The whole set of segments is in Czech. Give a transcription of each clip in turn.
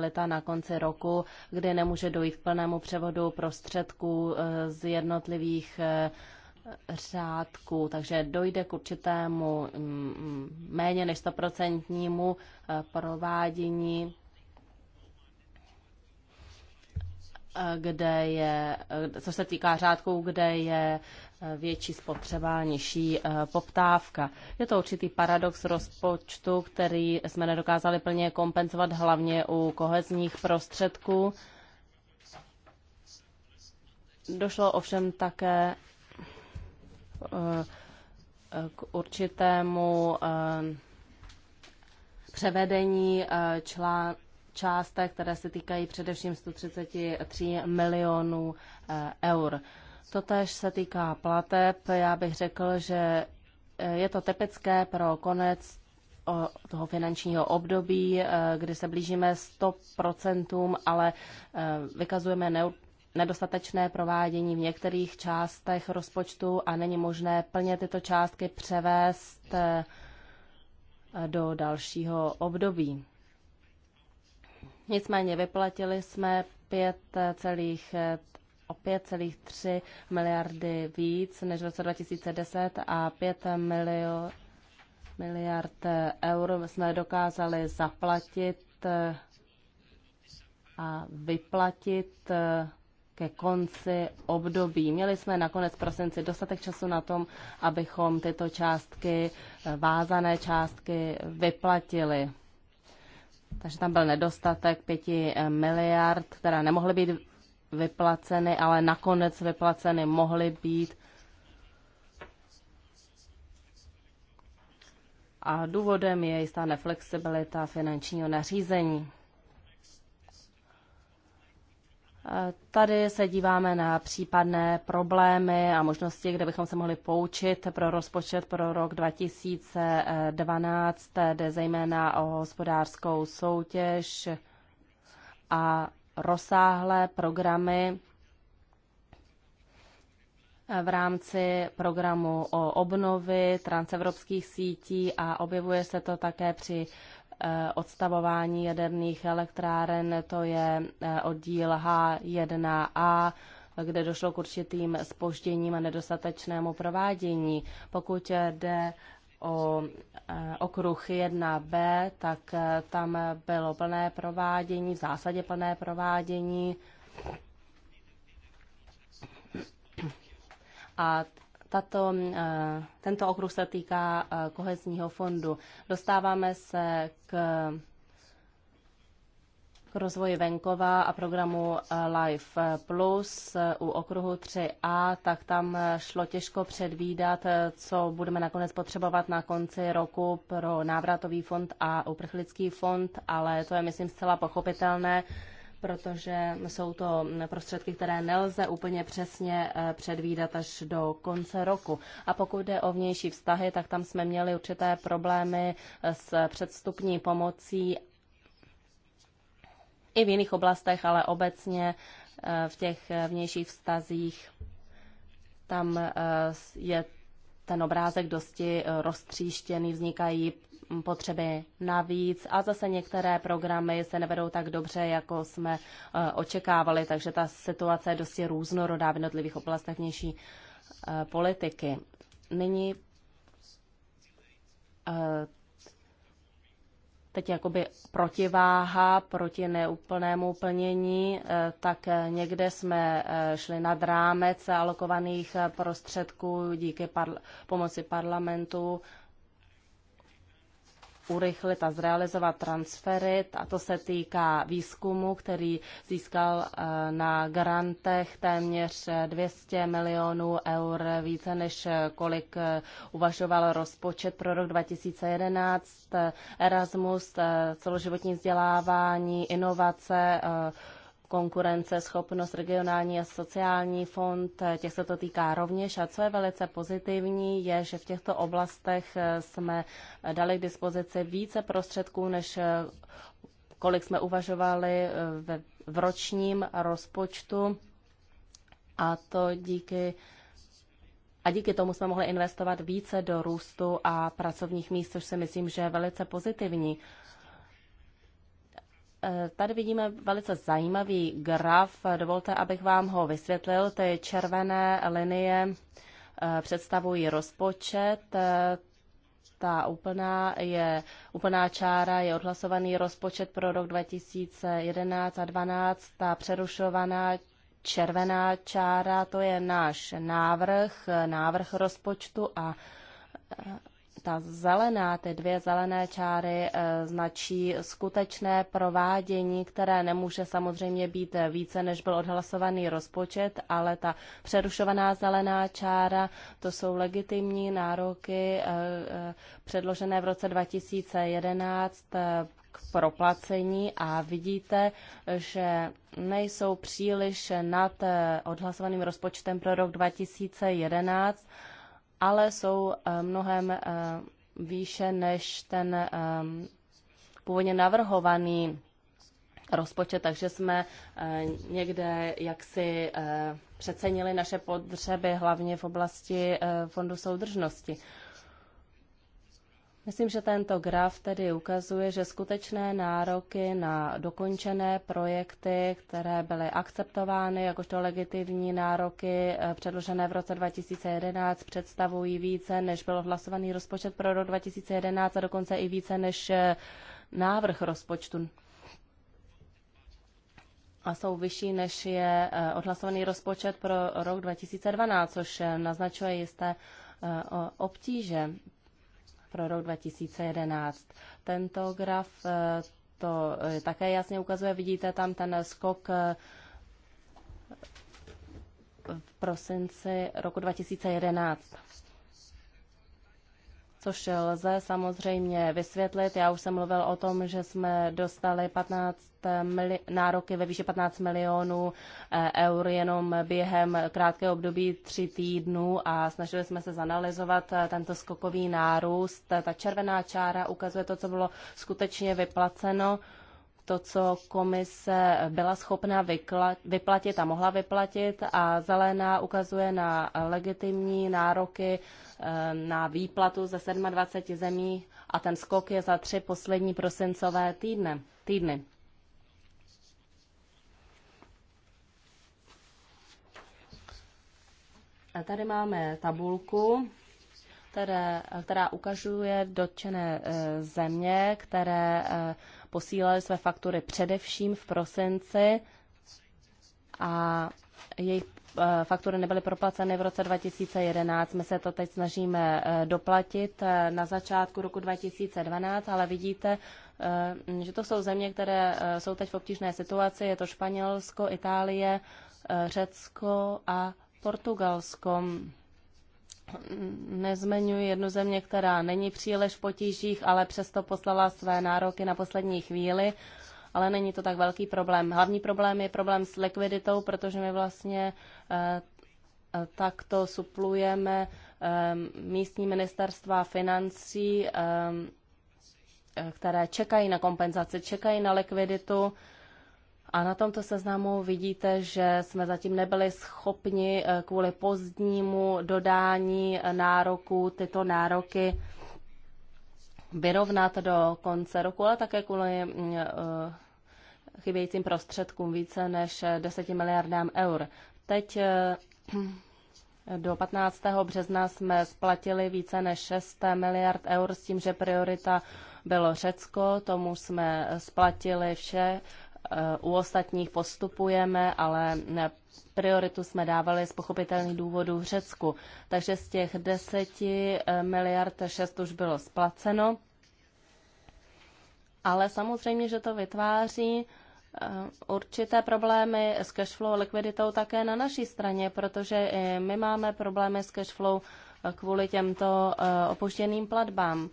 leta na konci roku, kdy nemůže dojít k plnému převodu prostředků eh, z jednotlivých eh, řádku, takže dojde k určitému mm, mm, méně než stoprocentnímu eh, provádění kde je, co se týká řádků, kde je větší spotřeba, nižší eh, poptávka. Je to určitý paradox rozpočtu, který jsme nedokázali plně kompenzovat hlavně u kohezních prostředků. Došlo ovšem také eh, k určitému eh, převedení člán, částech, které se týkají především 133 milionů eh, eur. Totež se týká plateb. Já bych řekl, že eh, je to typické pro konec toho finančního období, eh, kdy se blížíme 100%, ale vykazujeme nedostatečné provádění v některých částech rozpočtu a není možné plně tyto částky převést do dalšího období. Nicméně vyplatili jsme celých 5,3 miliardy víc než v roce 2010 a 5 milio, miliard eur jsme dokázali zaplatit a vyplatit ke konci období. Měli jsme nakonec prosinci dostatek času na tom, abychom tyto částky, vázané částky, vyplatili. Takže tam byl nedostatek pěti eh, miliard, které nemohly být vyplaceny, ale nakonec vyplaceny mohly být. A důvodem je jistá neflexibilita finančního nařízení. Tady se díváme na případné problémy a možnosti, kde bychom se mohli poučit pro rozpočet pro rok 2012. Jde zejména o hospodářskou soutěž a rozsáhlé programy v rámci programu o obnovy transevropských sítí a objevuje se to také při Eh, odstavování jaderných elektráren, to je eh, oddíl H1A, kde došlo k určitým spožděním a nedostatečnému provádění. Pokud jde o eh, okruh 1b, tak tam bylo plné provádění, v zásadě plné provádění. A tato, eh, tento okruh se týká eh, kohezního fondu. Dostáváme se k, k rozvoji venkova a programu eh, Life Plus u okruhu 3a, tak tam šlo těžko předvídat, co budeme nakonec potřebovat na konci roku pro návratový fond a uprchlický fond, ale to je, myslím, zcela pochopitelné protože jsou to prostředky, které nelze úplně přesně eh, předvídat až do konce roku. A pokud jde o vnější vztahy, tak tam jsme měli určité problémy eh, s předstupní pomocí i v jiných oblastech, ale obecně eh, v těch vnějších vztazích tam je ten obrázek dosti roztříštěný, vznikají potřeby navíc a zase některé programy se nevedou tak dobře, jako jsme eh, očekávali, takže ta situace je dosti různorodá v jednotlivých oblastech vnější eh, politiky. Nyní eh, teď jakoby protiváha proti neúplnému plnění, tak někde jsme šli nad rámec alokovaných prostředků díky parla- pomoci parlamentu urychlit a zrealizovat transfery. A to se týká výzkumu, který získal eh, na grantech téměř 200 eh, milionů eur, více než eh, kolik uvažoval rozpočet pro rok 2011. Erasmus, celoživotní vzdělávání, inovace, konkurenceschopnost, regionální a sociální fond, eh, těch se to týká rovněž. A co je velice pozitivní, je, že v těchto oblastech eh, jsme eh, dali k dispozici více prostředků, než kolik jsme uvažovali v ročním rozpočtu. A to díky a díky tomu jsme mohli investovat více do růstu a pracovních míst, což si myslím, že je velice pozitivní. Eh, tady vidíme velice zajímavý graf. Dovolte, abych vám ho vysvětlil. Ty červené linie eh, představují rozpočet. Eh, ta úplná, je, úplná čára je odhlasovaný rozpočet pro rok 2011 a 2012. Ta přerušovaná červená čára, to je náš návrh, návrh rozpočtu a ta zelená, ty dvě zelené čáry eh, značí skutečné provádění, které nemůže samozřejmě být více, než byl odhlasovaný rozpočet, ale ta přerušovaná zelená čára, to jsou legitimní nároky eh, eh, předložené v roce 2011 k proplacení a vidíte, že nejsou příliš nad odhlasovaným rozpočtem pro rok 2011 ale jsou eh, mnohem eh, výše než ten eh, původně navrhovaný rozpočet, takže jsme někde jaksi přecenili naše potřeby, hlavně v oblasti fondu soudržnosti. Myslím, že tento graf tedy ukazuje, že skutečné nároky na dokončené projekty, které byly akceptovány jakožto legitimní nároky eh, předložené v roce 2011, představují více, než byl hlasovaný rozpočet pro rok 2011 a dokonce i více než eh, návrh rozpočtu a jsou vyšší, než je eh, odhlasovaný rozpočet pro rok 2012, což naznačuje jisté obtíže pro rok 2011. Tento graf eh, to také jasně ukazuje. Vidíte tam ten skok eh, v prosinci roku 2011 což lze samozřejmě vysvětlit. Já už jsem mluvil o tom, že jsme dostali 15 mili- nároky ve výši 15 milionů eh, eur jenom během krátkého období tři týdnů a snažili jsme se zanalizovat eh, tento skokový nárůst. Ta červená čára ukazuje to, co bylo skutečně vyplaceno to, co komise byla schopna vyplatit a mohla vyplatit a zelená ukazuje na legitimní nároky Eh, na výplatu ze 27 zemí a ten skok je za tři poslední prosincové týdne, týdny. A tady máme tabulku, které, která ukazuje dotčené eh, země, které eh, posílaly své faktury především v prosinci a jejich Eh, faktury nebyly proplaceny v roce 2011. My se to teď snažíme eh, doplatit eh, na začátku roku 2012, ale vidíte, že to jsou země, které jsou teď v obtížné situaci. Je to Španělsko, Itálie, Řecko a Portugalsko. Nezmenuji jednu země, která není příliš v potížích, ale přesto poslala své nároky na poslední chvíli ale není to tak velký problém. Hlavní problém je problém s likviditou, protože my vlastně eh, eh, takto suplujeme eh, místní ministerstva financí, které čekají na kompenzaci, čekají na likviditu. A na tomto seznamu vidíte, že jsme zatím nebyli schopni kvůli pozdnímu dodání nároků tyto nároky vyrovnat do konce roku, ale také kvůli mm, chybějícím prostředkům více než 10 miliardám eur. Teď eh, do 15. března jsme splatili více než 6 miliard eur s tím, že priorita bylo Řecko, tomu jsme splatili vše. Eh, u ostatních postupujeme, ale eh, prioritu jsme dávali z pochopitelných důvodů v Řecku. Takže z těch 10 miliard 6 už bylo splaceno. Ale samozřejmě, že to vytváří Eh, určité problémy s cashflow a likviditou také na naší straně, protože eh, my máme problémy s cashflow eh, kvůli těmto opuštěným platbám.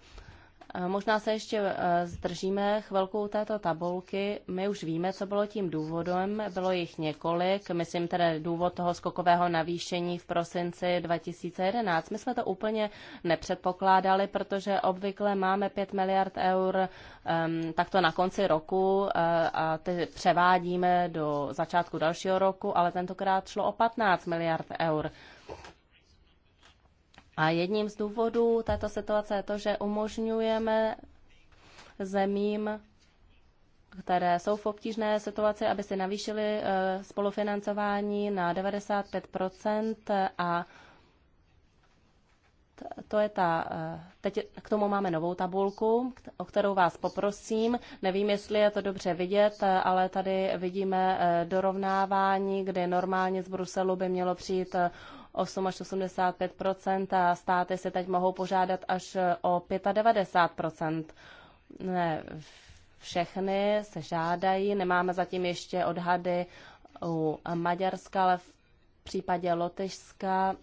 Eh, možná se ještě eh, zdržíme chvilku této tabulky. My už víme, co bylo tím důvodem. Bylo jich několik. Myslím tedy důvod toho skokového navýšení v prosinci 2011. My jsme to úplně nepředpokládali, protože obvykle máme 5 miliard eur um, takto na konci roku uh, a ty převádíme do začátku dalšího roku, ale tentokrát šlo o 15 miliard eur. A jedním z důvodů této situace je to, že umožňujeme zemím, které jsou v obtížné situaci, aby si navýšili eh, spolufinancování na 95 a to je ta, eh, teď k tomu máme novou tabulku, o kterou vás poprosím. Nevím, jestli je to dobře vidět, eh, ale tady vidíme dorovnávání, kde normálně z Bruselu by mělo přijít 8 až 85 a státy se teď mohou požádat až eh, o 95 Ne, všechny se žádají, nemáme zatím ještě odhady u Maďarska, ale v případě Lotyšska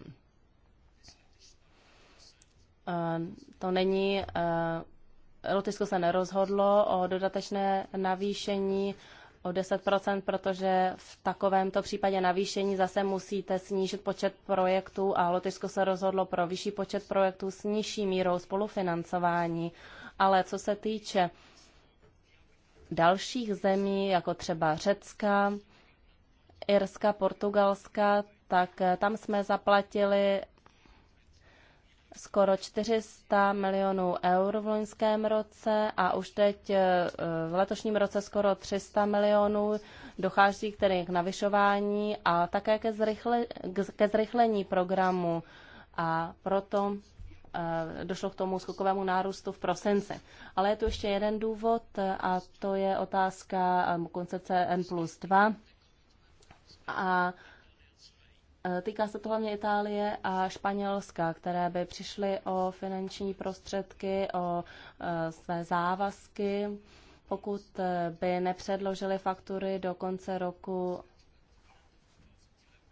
eh, to není, eh, Lotyšsko se nerozhodlo o dodatečné navýšení o 10 protože v takovémto případě navýšení zase musíte snížit počet projektů a Lotyšsko se rozhodlo pro vyšší počet projektů s nižší mírou spolufinancování. Ale co se týče dalších zemí, jako třeba Řecka, Irska, Portugalska, tak tam jsme zaplatili skoro 400 milionů eur v loňském roce a už teď eh, v letošním roce skoro 300 milionů. Dochází k tedy k navyšování a také ke, zrychle, ke zrychlení programu a proto eh, došlo k tomu skokovému nárůstu v prosince. Ale je tu ještě jeden důvod eh, a to je otázka koncepce N plus 2 a Eh, týká se to hlavně Itálie a Španělska, které by přišly o finanční prostředky, o eh, své závazky, pokud eh, by nepředložili faktury do konce roku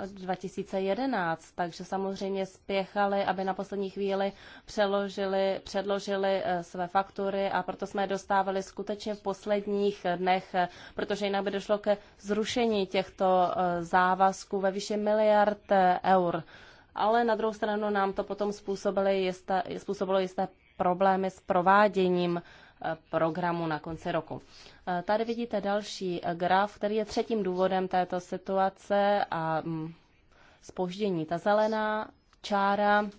2011, takže samozřejmě spěchali, aby na poslední chvíli přeložili, předložili eh, své faktury a proto jsme je dostávali skutečně v posledních dnech, eh, protože jinak by došlo ke zrušení těchto eh, závazků ve výši miliard eur. Ale na druhou stranu nám to potom způsobilo jisté, způsobilo jisté problémy s prováděním programu na konci roku. Eh, tady vidíte další graf, který je třetím důvodem této situace a spoždění. Mm, Ta zelená čára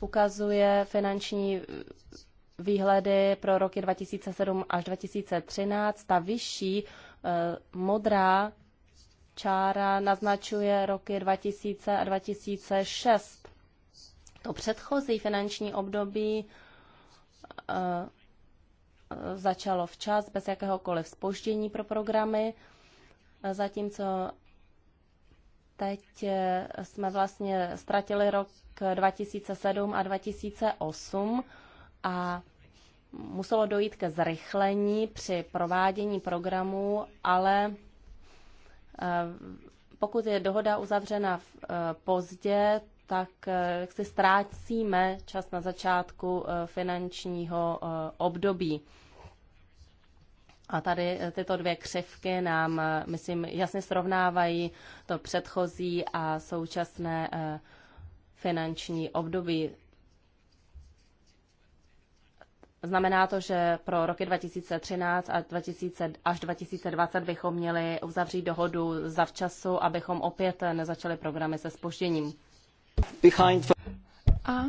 ukazuje finanční výhledy pro roky 2007 až 2013. Ta vyšší eh, modrá čára naznačuje roky 2000 a 2006. To předchozí finanční období eh, začalo včas, bez jakéhokoliv spoždění pro programy, zatímco teď eh, jsme vlastně ztratili rok 2007 eh, a 2008 a muselo dojít ke zrychlení při provádění programů, ale eh, pokud je dohoda uzavřena pozdě, tak eh, jak si ztrácíme čas na začátku eh, finančního eh, období. A tady tyto dvě křivky nám, myslím, jasně srovnávají to předchozí a současné finanční období. Znamená to, že pro roky 2013 a 2000, až 2020 bychom měli uzavřít dohodu zavčasu, abychom opět nezačali programy se spožděním. A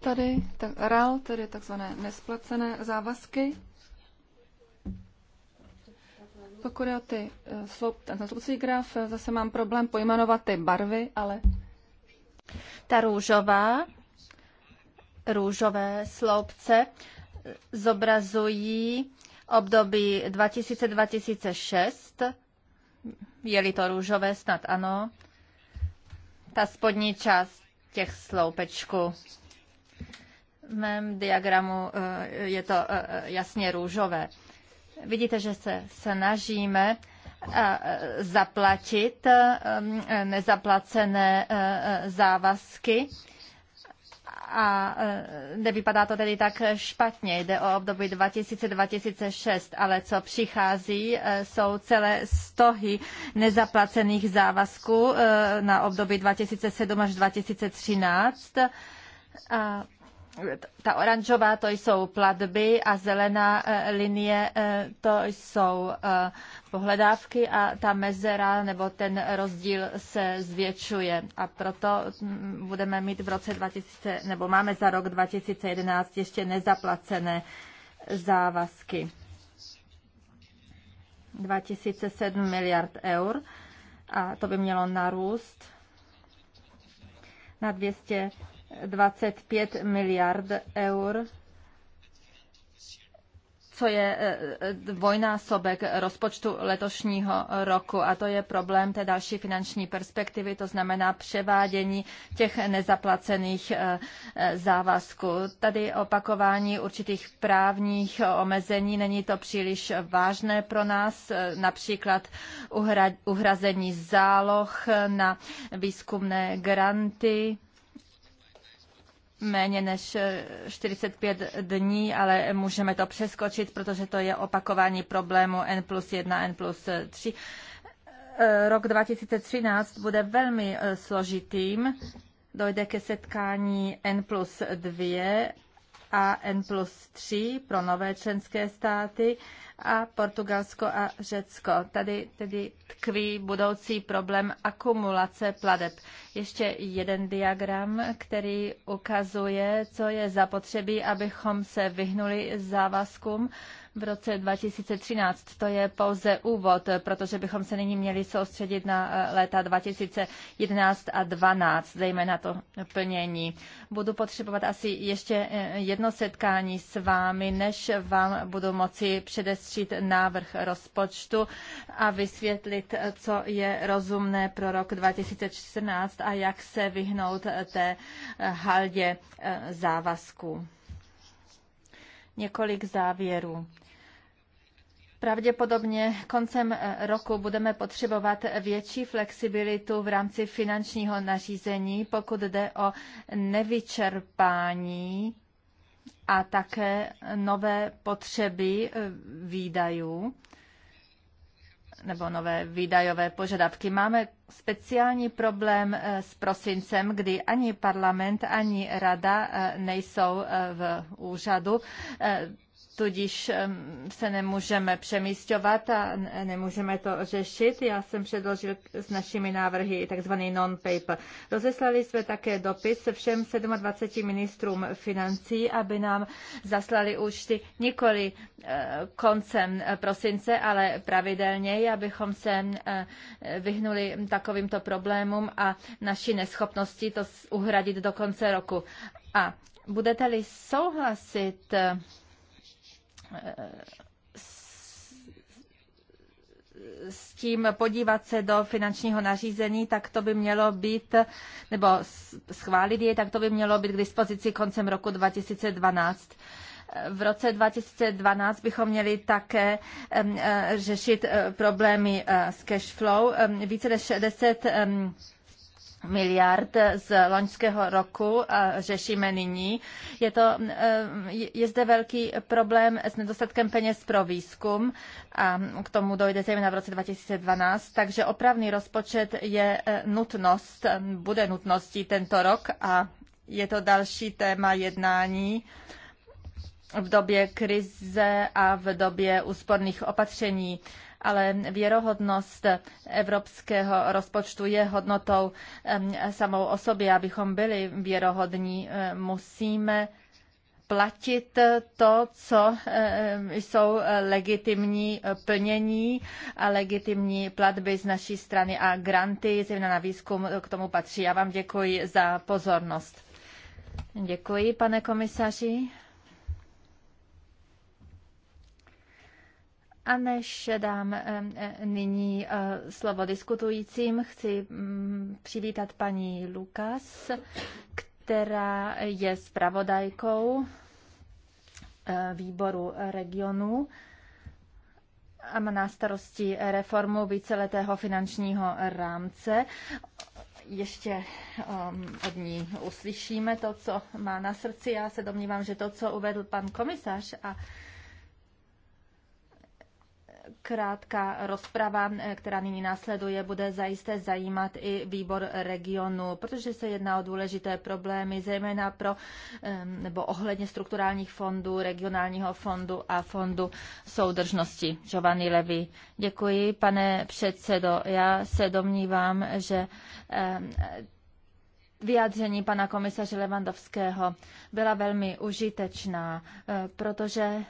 tady tak RAL, tedy takzvané nesplacené závazky. Pokud je o ty eh, sloup, ten sloupcí graf, eh, zase mám problém pojmenovat ty barvy, ale... Ta růžová, růžové sloupce eh, zobrazují období 2000-2006, je-li to růžové, snad ano, ta spodní část těch sloupečků. V mém diagramu eh, je to eh, eh, jasně růžové. Vidíte, že se snažíme zaplatit nezaplacené závazky a e, nevypadá to tedy tak špatně. Jde o období 2000-2006, ale co přichází, e, jsou celé stohy nezaplacených závazků e, na období 2007 až 2013. A ta oranžová to jsou platby a zelená eh, linie eh, to jsou eh, pohledávky a ta mezera nebo ten rozdíl se zvětšuje. A proto mm, budeme mít v roce 2000, nebo máme za rok 2011 ještě nezaplacené závazky. 2007 miliard eur a to by mělo narůst na 200 25 miliard eur, co je e, e, dvojnásobek rozpočtu letošního roku a to je problém té další finanční perspektivy, to znamená převádění těch nezaplacených e, závazků. Tady opakování určitých právních omezení, není to příliš vážné pro nás, například uhra, uhrazení záloh na výzkumné granty, méně než 45 eh, dní, ale můžeme to přeskočit, protože to je opakování problému N plus 1, N plus 3. Eh, rok 2013 bude velmi eh, složitým. Dojde ke setkání N plus 2 a N plus 3 pro nové členské státy a Portugalsko a Řecko. Tady tedy tkví budoucí problém akumulace pladeb. Ještě jeden diagram, který ukazuje, co je zapotřebí, abychom se vyhnuli závazkům v roce 2013. To je pouze úvod, protože bychom se nyní měli soustředit na eh, léta 2011 a 2012, zejména to plnění. Budu potřebovat asi ještě eh, jedno setkání s vámi, než vám budu moci předestřít návrh rozpočtu a vysvětlit, co je rozumné pro rok 2014 a jak se vyhnout té eh, haldě závazků několik závěrů. Pravděpodobně koncem eh, roku budeme potřebovat větší flexibilitu v rámci finančního nařízení, pokud jde o nevyčerpání a také nové potřeby eh, výdajů nebo nové výdajové požadavky. Máme speciální problém eh, s prosincem, kdy ani parlament, ani rada eh, nejsou eh, v úřadu tudíž se nemůžeme přemístovat a nemůžeme to řešit. Já jsem předložil s našimi návrhy tzv. non-paper. Rozeslali jsme také dopis všem 27 ministrům financí, aby nám zaslali účty nikoli e, koncem prosince, ale pravidelně, abychom se e, vyhnuli takovýmto problémům a naší neschopnosti to uhradit do konce roku. A budete-li souhlasit, s tím podívat se do finančního nařízení, tak to by mělo být, nebo schválit je, tak to by mělo být k dispozici koncem roku 2012. V roce 2012 bychom měli také eh, řešit eh, problémy eh, s cash flow. Více než 10 miliard z loňského roku a řešíme nyní. Je, to, eh, je zde velký problém s nedostatkem peněz pro výzkum a k tomu dojde zejména v roce 2012, takže opravný rozpočet je eh, nutnost, bude nutností tento rok a je to další téma jednání v době krize a v době úsporných opatření ale věrohodnost evropského rozpočtu je hodnotou samou o sobě. Abychom byli věrohodní, musíme platit to, co jsou legitimní plnění a legitimní platby z naší strany a granty, zejména na výzkum, k tomu patří. Já vám děkuji za pozornost. Děkuji, pane komisaři. A než dám eh, eh, nyní eh, slovo diskutujícím, chci mm, přivítat paní Lukas, která je zpravodajkou výboru regionu a má na starosti reformu víceletého finančního rámce. Ještě um, od ní uslyšíme to, co má na srdci. Já se domnívám, že to, co uvedl pan komisař a uh, krátká rozprava, eh, která nyní následuje, bude zajisté zajímat i výbor regionu, protože se jedná o důležité problémy, zejména pro nebo ohledně strukturálních fondů, regionálního fondu a fondu soudržnosti. Giovanni Levy. Děkuji, pane předsedo. Já se domnívám, že vyjádření pana komisaře Levandovského byla velmi užitečná, eh, protože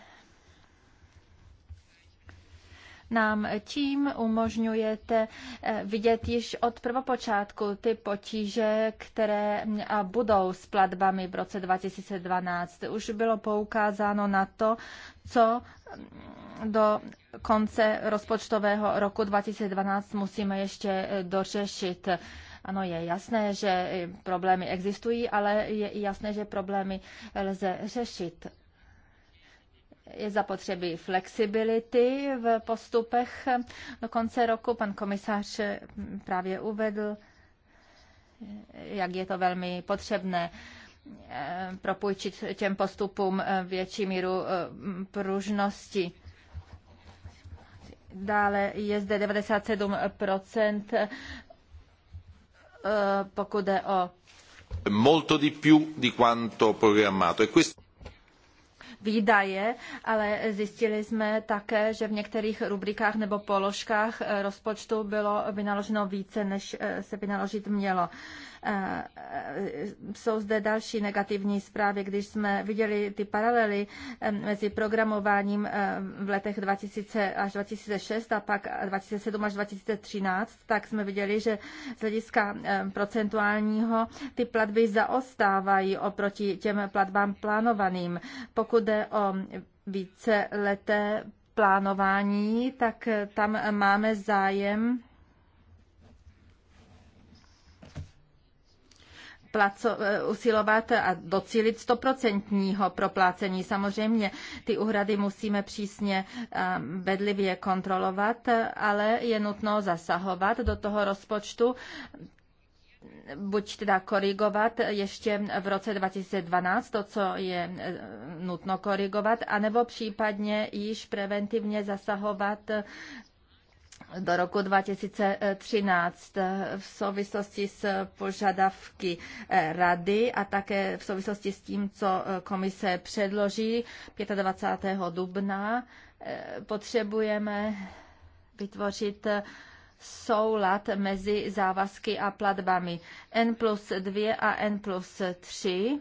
nám tím umožňujete eh, vidět již od prvopočátku ty potíže, které mm, budou s platbami v roce 2012. Už bylo poukázáno na to, co mm, do konce rozpočtového roku 2012 musíme ještě eh, dořešit. Ano, je jasné, že eh, problémy existují, ale je jasné, že problémy lze řešit je zapotřebí flexibility v postupech do konce roku. Pan komisař právě uvedl, jak je to velmi potřebné eh, propůjčit těm postupům eh, větší míru eh, pružnosti. Dále je zde 97 pokud jde o molto di più di quanto programmato. E questo výdaje, ale zjistili jsme také, že v některých rubrikách nebo položkách eh, rozpočtu bylo vynaloženo více, než eh, se vynaložit mělo. E, jsou zde další negativní zprávy, když jsme viděli ty paralely e, mezi programováním e, v letech 2000 až 2006 a pak 2007 až 2013, tak jsme viděli, že z hlediska procentuálního ty platby zaostávají oproti těm platbám plánovaným. Pokud jde o leté plánování, tak tam máme zájem placo, eh, usilovat a docílit stoprocentního proplácení. Samozřejmě ty úhrady musíme přísně eh, bedlivě kontrolovat, ale je nutno zasahovat do toho rozpočtu buď teda korigovat ještě v roce 2012 to, co je eh, nutno korigovat, anebo případně již preventivně zasahovat do roku 2013 v souvislosti s požadavky eh, rady a také v souvislosti s tím, co eh, komise předloží 25. dubna. Eh, potřebujeme vytvořit soulad mezi závazky a platbami N plus 2 a N plus 3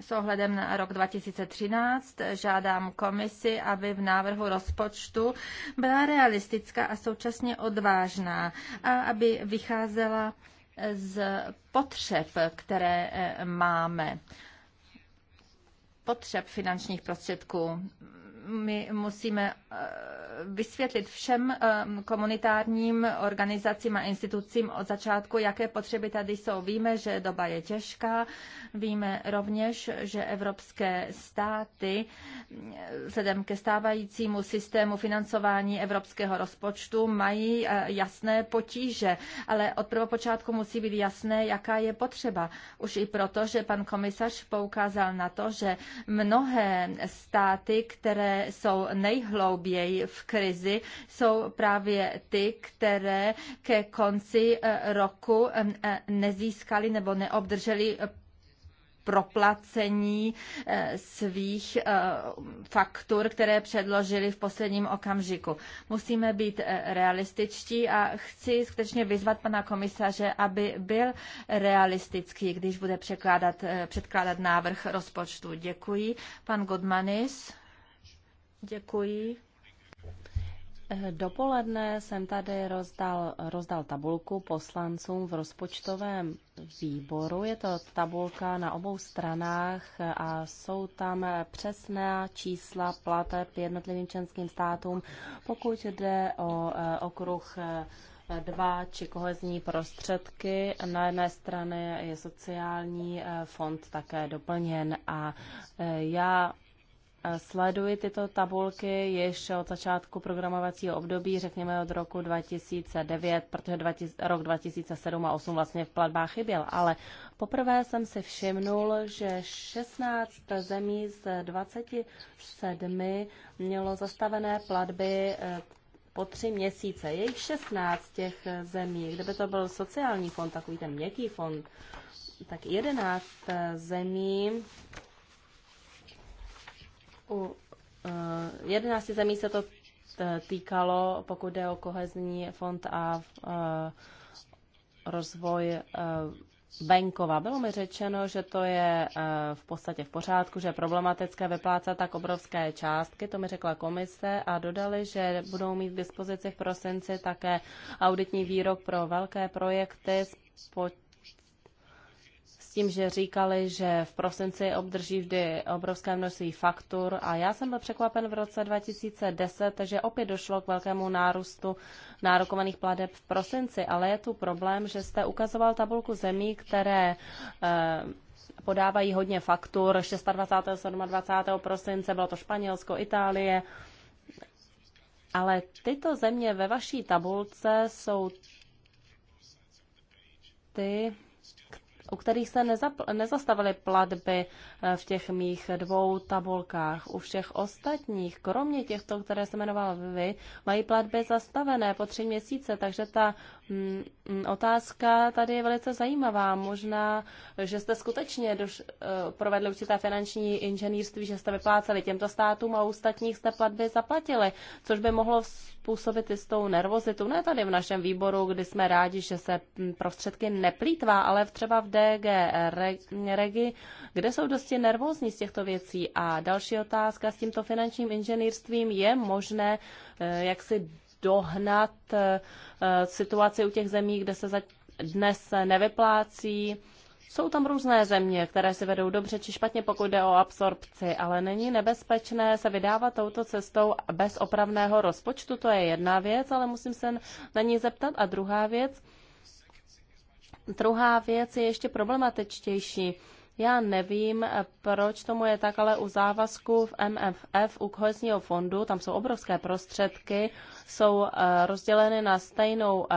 s ohledem na rok 2013 žádám komisi, aby v návrhu rozpočtu byla realistická a současně odvážná a aby vycházela z potřeb, které eh, máme potřeb finančních prostředků my musíme eh, vysvětlit všem eh, komunitárním organizacím a institucím od začátku, jaké potřeby tady jsou. Víme, že doba je těžká, víme rovněž, že evropské státy eh, vzhledem ke stávajícímu systému financování evropského rozpočtu mají jasné potíže, ale od prvopočátku musí být jasné, jaká je potřeba. Už i proto, že pan komisař poukázal na to, že mnohé státy, které které jsou nejhlouběji v krizi, jsou právě ty, které ke konci eh, roku eh, nezískali nebo neobdrželi eh, proplacení svých faktur, které předložili v posledním okamžiku. Musíme být realističtí a chci skutečně vyzvat pana komisaře, aby byl realistický, když bude překládat, předkládat návrh rozpočtu. Děkuji. Pan Godmanis. Děkuji. Eh, dopoledne jsem tady rozdal, rozdal tabulku poslancům v rozpočtovém výboru. Je to tabulka na obou stranách a jsou tam přesná čísla plateb jednotlivým členským státům, pokud jde o eh, okruh eh, dva či kohezní prostředky. Na jedné straně je sociální fond také doplněn a já sleduji tyto tabulky již od začátku programovacího období, řekněme od roku 2009, protože 20, rok 2007 a 2008 vlastně v platbách chyběl, ale poprvé jsem si všimnul, že 16 zemí z 27 mělo zastavené platby eh, po tři měsíce. Je jich 16 těch zemí. Kdyby to byl sociální fond, takový ten měkký fond, tak 11 eh, zemí u 11 eh, zemí se to týkalo, pokud jde o kohezní fond a eh, rozvoj eh, venkova. Bylo mi řečeno, že to je v podstatě v pořádku, že je problematické vyplácet tak obrovské částky, to mi řekla komise a dodali, že budou mít k dispozici v prosinci také auditní výrok pro velké projekty tím, že říkali, že v prosinci obdrží vždy obrovské množství faktur a já jsem byl překvapen v roce 2010, takže opět došlo k velkému nárůstu nárokovaných pladeb v prosinci, ale je tu problém, že jste ukazoval tabulku zemí, které eh, podávají hodně faktur 26. 27. 20. prosince, bylo to Španělsko, Itálie, ale tyto země ve vaší tabulce jsou ty, u kterých se nezastavily platby eh, v těch mých dvou tabulkách. U všech ostatních, kromě těchto, které se jmenoval vy, mají platby zastavené po tři měsíce, takže ta Mm, mm, otázka tady je velice zajímavá. Možná, že jste skutečně doš- eh, provedli určité finanční inženýrství, že jste vypláceli těmto státům a ostatních jste platby zaplatili, což by mohlo způsobit jistou nervozitu. Ne tady v našem výboru, kdy jsme rádi, že se mm, prostředky neplýtvá, ale třeba v DG Regi, kde jsou dosti nervózní z těchto věcí. A další otázka s tímto finančním inženýrstvím je možné eh, jak si dohnat eh, situaci u těch zemí, kde se dnes nevyplácí. Jsou tam různé země, které si vedou dobře či špatně, pokud jde o absorpci, ale není nebezpečné se vydávat touto cestou bez opravného rozpočtu. To je jedna věc, ale musím se na ní zeptat. A druhá věc, druhá věc je ještě problematičtější. Já nevím, proč tomu je tak, ale u závazku v MFF, u kohezního fondu, tam jsou obrovské prostředky, jsou eh, rozděleny na stejnou eh,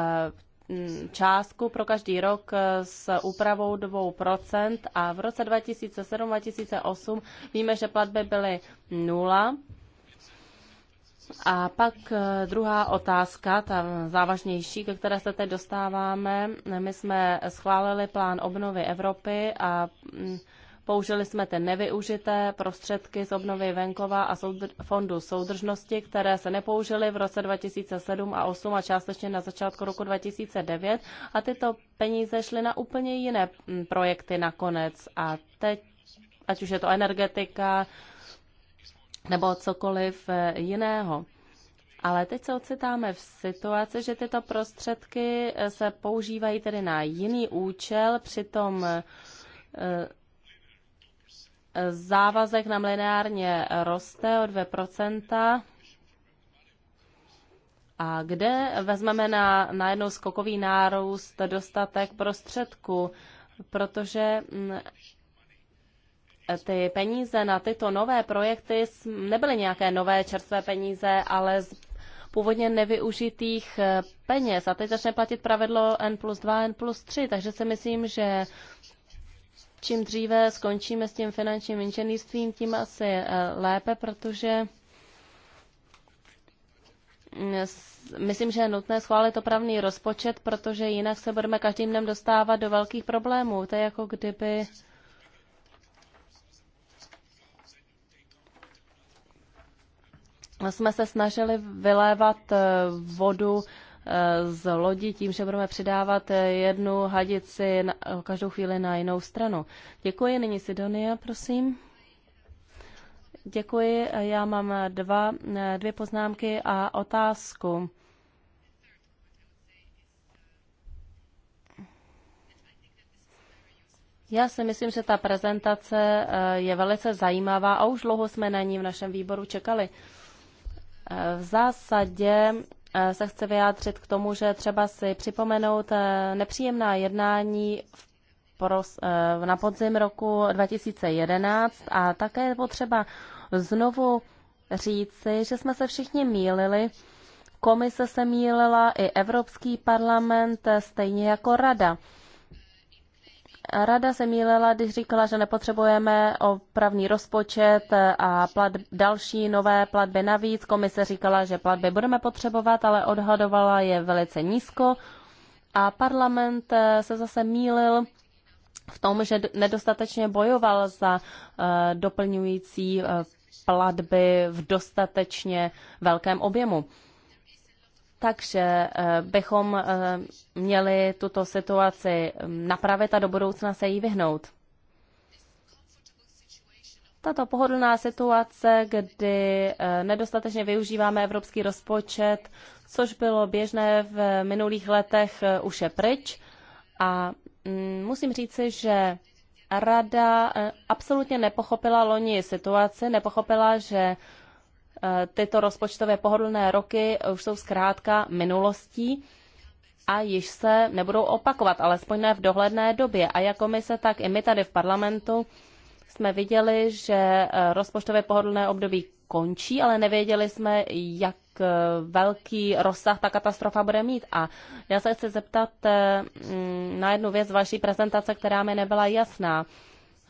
částku pro každý rok eh, s úpravou 2% a v roce 2007-2008 víme, že platby byly nula a pak eh, druhá otázka, ta závažnější, ke které se teď dostáváme. My jsme schválili plán obnovy Evropy a mm, použili jsme ty nevyužité prostředky z obnovy venkova a soudr- fondu soudržnosti, které se nepoužily v roce 2007 a 2008 a částečně na začátku roku 2009 a tyto peníze šly na úplně jiné mm, projekty nakonec a teď ať už je to energetika, nebo cokoliv eh, jiného. Ale teď se ocitáme v situaci, že tyto prostředky eh, se používají tedy na jiný účel, přitom eh, závazek nám lineárně roste o 2%. A kde vezmeme na, na jednou skokový nárůst dostatek prostředku, Protože mm, ty peníze na tyto nové projekty nebyly nějaké nové čerstvé peníze, ale z původně nevyužitých eh, peněz. A teď začne platit pravidlo N plus 2, N plus 3, takže si myslím, že čím dříve skončíme s tím finančním inženýrstvím, tím asi eh, lépe, protože mm, myslím, že je nutné schválit opravný rozpočet, protože jinak se budeme každým dnem dostávat do velkých problémů. To je jako kdyby jsme se snažili vylévat eh, vodu eh, z lodi tím, že budeme přidávat eh, jednu hadici na, každou chvíli na jinou stranu. Děkuji, nyní Sidonia, prosím. Děkuji, já mám dva, dvě poznámky a otázku. Já si myslím, že ta prezentace je velice zajímavá a už dlouho jsme na ní v našem výboru čekali. V zásadě eh, se chci vyjádřit k tomu, že třeba si připomenout eh, nepříjemná jednání v eh, na podzim roku 2011 a také je potřeba znovu říci, že jsme se všichni mýlili. Komise se mýlila i Evropský parlament, stejně jako Rada. Rada se mílela, když říkala, že nepotřebujeme opravný rozpočet a plat, další nové platby navíc. Komise říkala, že platby budeme potřebovat, ale odhadovala je velice nízko. A parlament eh, se zase mílil v tom, že nedostatečně bojoval za eh, doplňující eh, platby v dostatečně velkém objemu. Takže eh, bychom eh, měli tuto situaci hm, napravit a do budoucna se jí vyhnout. Tato pohodlná situace, kdy eh, nedostatečně využíváme evropský rozpočet, což bylo běžné v minulých letech, už je pryč. A hm, musím říci, že Rada absolutně nepochopila loni situaci, nepochopila, že Eh, tyto rozpočtové pohodlné roky už jsou zkrátka minulostí a již se nebudou opakovat, alespoň ne v dohledné době. A jak komise, tak i my tady v parlamentu jsme viděli, že eh, rozpočtové pohodlné období končí, ale nevěděli jsme, jak eh, velký rozsah ta katastrofa bude mít. A já se chci zeptat mm, na jednu věc vaší prezentace, která mi nebyla jasná.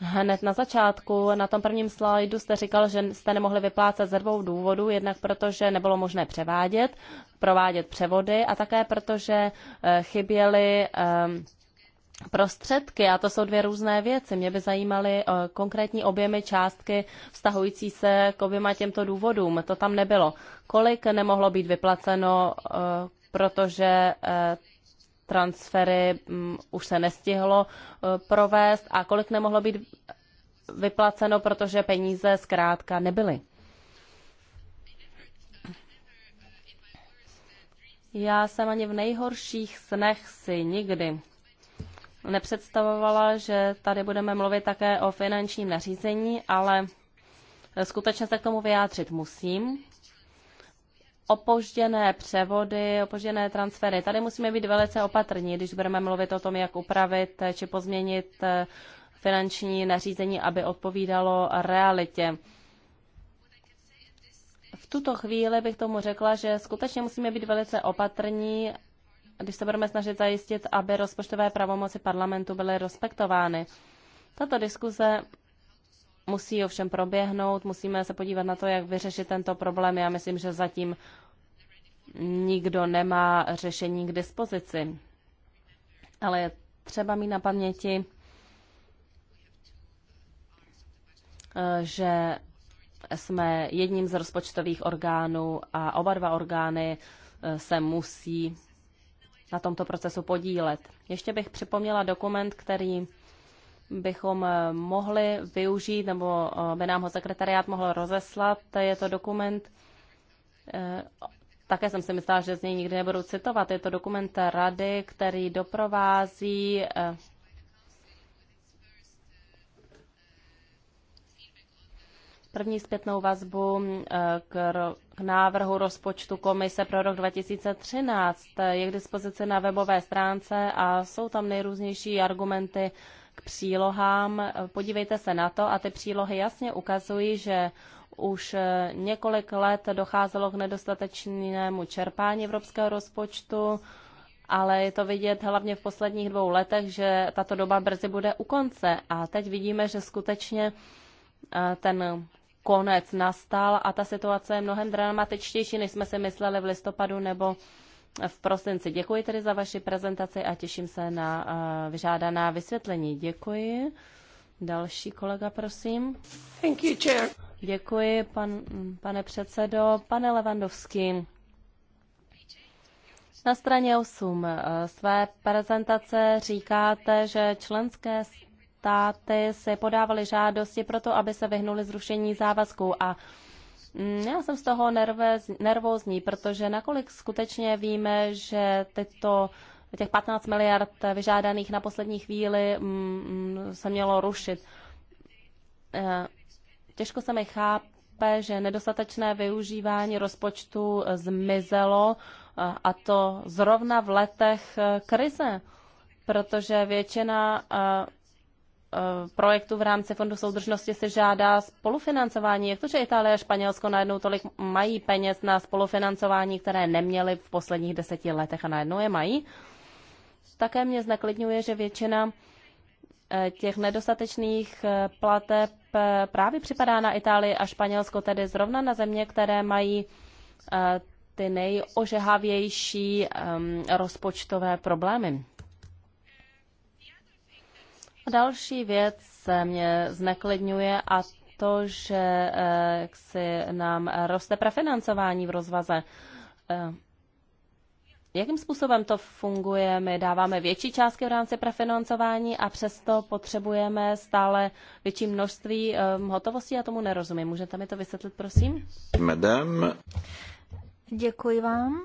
Hned na začátku, na tom prvním slajdu jste říkal, že jste nemohli vyplácet ze dvou důvodů, jednak protože nebylo možné převádět, provádět převody a také protože eh, chyběly ehm, prostředky, a to jsou dvě různé věci. Mě by zajímaly eh, konkrétní objemy částky vztahující se k oběma těmto důvodům. To tam nebylo. Kolik nemohlo být vyplaceno, eh, protože transfery mm, už se nestihlo eh, provést a kolik nemohlo být vyplaceno, protože peníze zkrátka nebyly. Já jsem ani v nejhorších snech si nikdy nepředstavovala, že tady budeme mluvit také o finančním nařízení, ale skutečně se k tomu vyjádřit musím opožděné převody, opožděné transfery. Tady musíme být velice opatrní, když budeme mluvit o tom, jak upravit či pozměnit eh, finanční nařízení, aby odpovídalo realitě. V tuto chvíli bych tomu řekla, že skutečně musíme být velice opatrní, když se budeme snažit zajistit, aby rozpočtové pravomoci parlamentu byly respektovány. Tato diskuze musí ovšem proběhnout, musíme se podívat na to, jak vyřešit tento problém. Já myslím, že zatím nikdo nemá řešení k dispozici. Ale je třeba mít na paměti, že jsme jedním z rozpočtových orgánů a oba dva orgány eh, se musí na tomto procesu podílet. Ještě bych připomněla dokument, který bychom eh, mohli využít, nebo eh, by nám ho sekretariát mohl rozeslat. Je to dokument, eh, také jsem si myslela, že z něj nikdy nebudu citovat. Je to dokument rady, který doprovází první zpětnou vazbu k, k návrhu rozpočtu komise pro rok 2013. Je k dispozici na webové stránce a jsou tam nejrůznější argumenty k přílohám. Podívejte se na to a ty přílohy jasně ukazují, že už eh, několik let docházelo k nedostatečnému čerpání evropského rozpočtu, ale je to vidět hlavně v posledních dvou letech, že tato doba brzy bude u konce. A teď vidíme, že skutečně eh, ten konec nastal a ta situace je mnohem dramatičtější, než jsme si mysleli v listopadu nebo v prosinci. Děkuji tedy za vaši prezentaci a těším se na eh, vyžádaná vysvětlení. Děkuji. Další kolega, prosím. Thank you, chair. Děkuji, pan, pane předsedo. Pane Levandovský, na straně 8 eh, své prezentace říkáte, že členské státy se podávaly žádosti proto, aby se vyhnuli zrušení závazků a já jsem z toho nervózní, protože nakolik skutečně víme, že tyto těch 15 miliard vyžádaných na poslední chvíli mm, mm se mělo rušit. Eh, těžko se mi chápe, že nedostatečné využívání rozpočtu zmizelo eh, a to zrovna v letech eh, krize, protože většina Eh, projektu v rámci Fondu soudržnosti se žádá spolufinancování. Jak to, že Itálie a Španělsko najednou tolik mají peněz na spolufinancování, které neměly v posledních deseti letech a najednou je mají? Také mě zneklidňuje, že většina eh, těch nedostatečných eh, plateb právě připadá na Itálii a Španělsko, tedy zrovna na země, které mají ty nejožehavější ehm, rozpočtové problémy. Další věc se mě zneklidňuje a to, že eh, jak si nám roste prefinancování v rozvaze. Eh, jakým způsobem to funguje? My dáváme větší částky v rámci prefinancování a přesto potřebujeme stále větší množství eh, hotovosti. Já tomu nerozumím. Můžete mi to vysvětlit, prosím? Madame. Děkuji vám.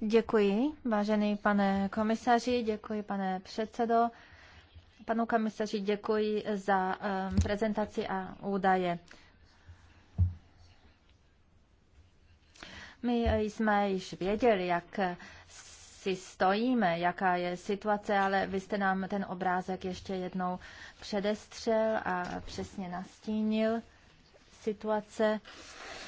Děkuji, vážený pane komisaři, děkuji, pane předsedo. Panu komisaři děkuji za um, prezentaci a údaje. My jsme již věděli, jak si stojíme, jaká je situace, ale vy jste nám ten obrázek ještě jednou předestřel a přesně nastínil. Situace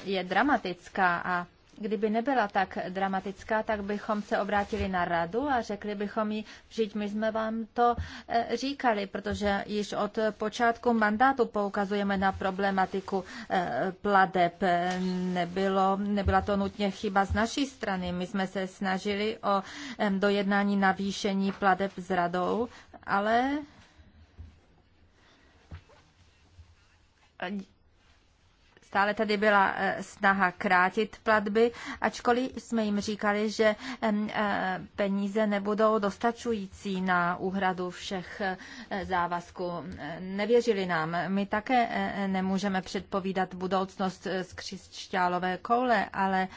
je dramatická a Kdyby nebyla tak dramatická, tak bychom se obrátili na radu a řekli bychom jí, že my jsme vám to e, říkali, protože již od počátku mandátu poukazujeme na problematiku e, pladeb. E, nebylo, nebyla to nutně chyba z naší strany. My jsme se snažili o dojednání navýšení pladeb s radou, ale Stále tady byla eh, snaha krátit platby, ačkoliv jsme jim říkali, že eh, peníze nebudou dostačující na úhradu všech eh, závazků. Nevěřili nám. My také nemůžeme předpovídat budoucnost z křišťálové koule, ale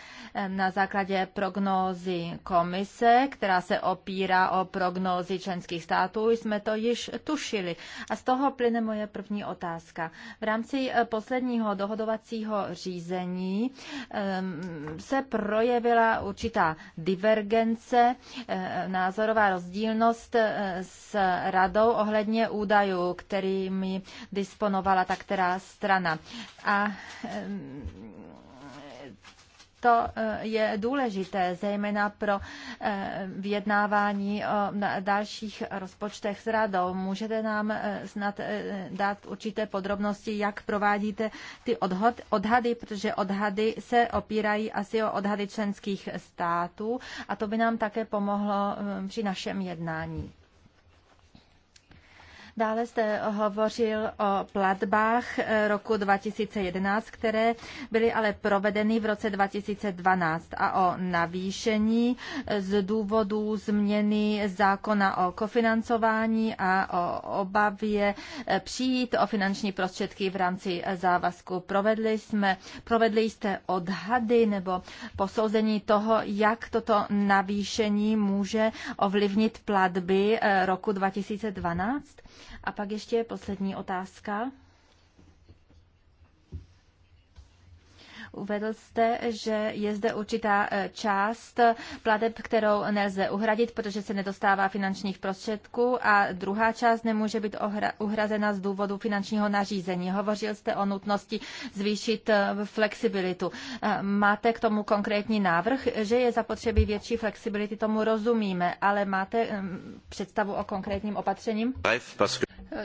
na základě prognózy komise, která se opírá o prognózy členských států, jsme to již tušili. A z toho plyne moje první otázka. V rámci posledního dohodovacího dohodovacího řízení se projevila určitá divergence, názorová rozdílnost s radou ohledně údajů, kterými disponovala ta která strana. A to eh, je důležité, zejména pro eh, vyjednávání o dalších rozpočtech s radou. Můžete nám eh, snad dát určité podrobnosti, jak provádíte ty odhod, odhady, protože odhady se opírají asi o odhady členských států a to by nám také pomohlo při našem jednání. Dále jste hovořil o platbách eh, roku 2011, které byly ale provedeny v roce 2012 a o navýšení eh, z důvodu změny zákona o kofinancování a o obavě eh, přijít o finanční prostředky v rámci závazku. Provedli, jsme, provedli jste odhady nebo posouzení toho, jak toto navýšení může ovlivnit platby roku 2012? A pak ještě poslední otázka. Uvedl jste, že je zde určitá e, část plateb, kterou nelze uhradit, protože se nedostává finančních prostředků a druhá část nemůže být uhrazena z důvodu finančního nařízení. Hovořil jste o nutnosti zvýšit e, flexibilitu. E, máte k tomu konkrétní návrh, že je zapotřebí větší flexibility, tomu rozumíme, ale máte představu o konkrétním opatřením?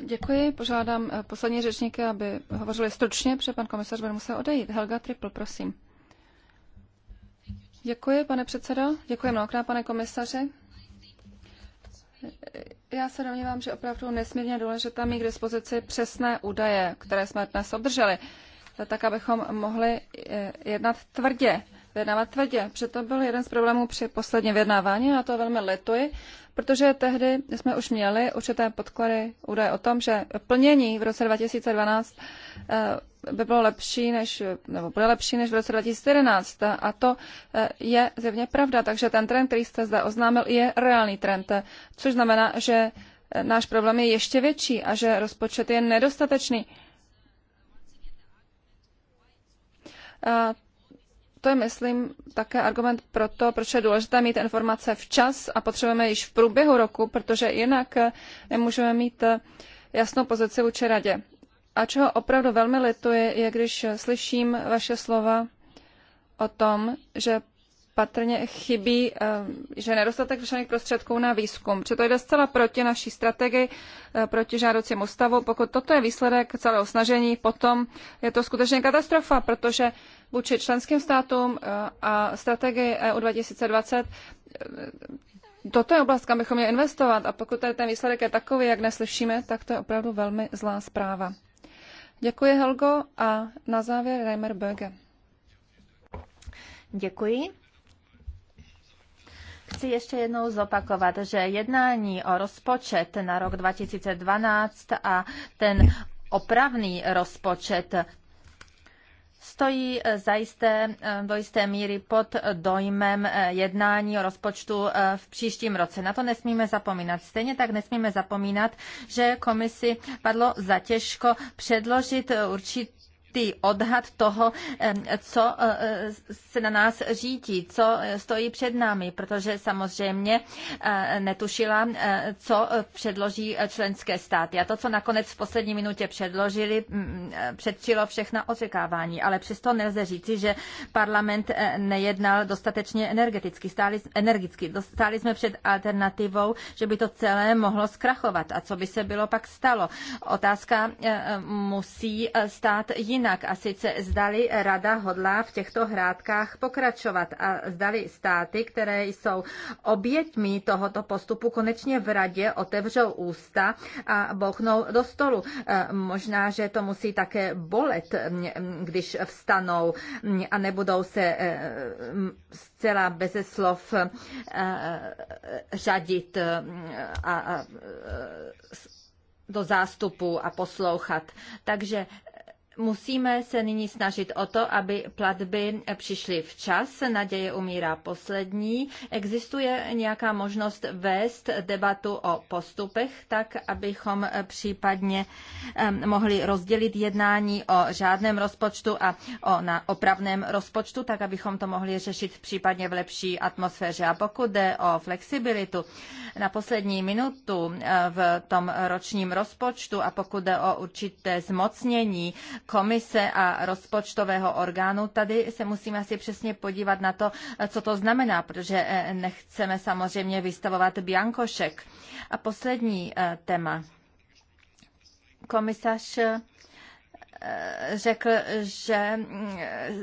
Děkuji. Požádám eh, poslední řečníky, aby hovořili stručně, protože pan komisař bude muset odejít. Helga Triple, prosím. Děkuji, pane předsedo. Děkuji mnohokrát, pane komisaři. Já se domnívám, že opravdu nesmírně důležité mít k dispozici přesné údaje, které jsme dnes obdrželi, tak abychom mohli eh, jednat tvrdě vyjednávat tvrdě. Přitom byl jeden z problémů při posledním vyjednávání a to velmi letuji, protože tehdy jsme už měli určité podklady, údaje o tom, že plnění v roce 2012 eh, by bylo lepší než, nebo bude lepší než v roce 2011. A to eh, je zjevně pravda. Takže ten trend, který jste zde oznámil, je reálný trend, což znamená, že eh, náš problém je ještě větší a že rozpočet je nedostatečný. A to je, myslím, také argument pro to, proč je důležité mít informace včas a potřebujeme již v průběhu roku, protože jinak eh, nemůžeme mít eh, jasnou pozici vůči radě. A čeho opravdu velmi lituji, je, když slyším vaše slova o tom, že patrně chybí, eh, že nedostatek všech prostředků na výzkum. Protože to jde zcela proti naší strategii, eh, proti žádoucímu stavu. Pokud toto je výsledek celého snažení, potom je to skutečně katastrofa, protože vůči členským státům eh, a strategii EU 2020 toto je oblast, kam bychom měli investovat a pokud tady ten výsledek je takový, jak neslyšíme, tak to je opravdu velmi zlá zpráva. Děkuji Helgo a na závěr Reimer Böge. Děkuji. Chci ještě jednou zopakovat, že jednání o rozpočet na rok 2012 a ten opravný rozpočet stojí zajisté do jisté míry pod dojmem jednání o rozpočtu v příštím roce. Na to nesmíme zapomínat. Stejně tak nesmíme zapomínat, že komisi padlo zatěžko předložit určitý ty odhad toho, co e, se na nás řítí, co stojí před námi, protože samozřejmě e, netušila, e, co předloží členské státy. A to, co nakonec v poslední minutě předložili, předčilo všechna očekávání. Ale přesto nelze říci, že parlament nejednal dostatečně energeticky. Stáli, energicky. Stáli jsme před alternativou, že by to celé mohlo zkrachovat. A co by se bylo pak stalo? Otázka musí stát jinak jinak a sice zdali rada hodlá v těchto hrádkách pokračovat a zdali státy, které jsou oběťmi tohoto postupu, konečně v radě otevřou ústa a bouchnou do stolu. E, možná, že to musí také bolet, když vstanou a nebudou se e, zcela bez slov e, řadit a do zástupu a poslouchat. Takže Musíme se nyní snažit o to, aby platby přišly včas. Naděje umírá poslední. Existuje nějaká možnost vést debatu o postupech, tak abychom případně mohli rozdělit jednání o řádném rozpočtu a o na opravném rozpočtu, tak abychom to mohli řešit případně v lepší atmosféře. A pokud jde o flexibilitu na poslední minutu eh, v tom ročním rozpočtu a pokud jde o určité zmocnění, komise a rozpočtového orgánu, tady se musíme asi přesně podívat na to, co to znamená, protože eh, nechceme samozřejmě vystavovat biankošek. A poslední eh, téma. Komisař eh, řekl, že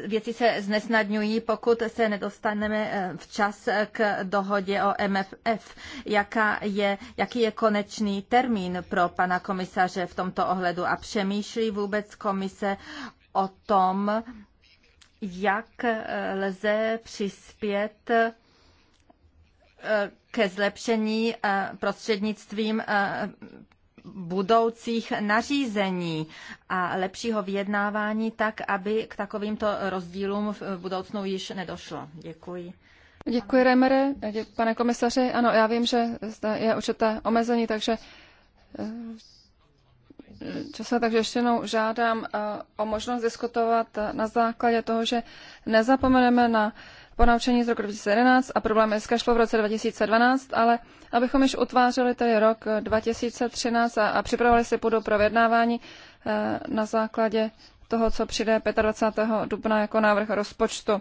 věci se znesnadňují, pokud se nedostaneme eh, včas k dohodě o MFF. Jaká je, jaký je konečný termín pro pana komisaře v tomto ohledu a přemýšlí vůbec komise o tom, jak eh, lze přispět eh, ke zlepšení prostřednictvím budoucích nařízení a lepšího vyjednávání tak, aby k takovýmto rozdílům v budoucnu již nedošlo. Děkuji. Děkuji, Remere. Pane komisaři, ano, já vím, že zde je určité omezení, takže eh, čase, takže ještě jednou žádám eh, o možnost diskutovat na základě toho, že nezapomeneme na ponaučení z roku 2011 a problémy cashflow v roce 2012, ale abychom již utvářeli tedy rok 2013 a, a připravovali si půdu pro vyjednávání eh, na základě toho, co přijde 25. dubna jako návrh rozpočtu.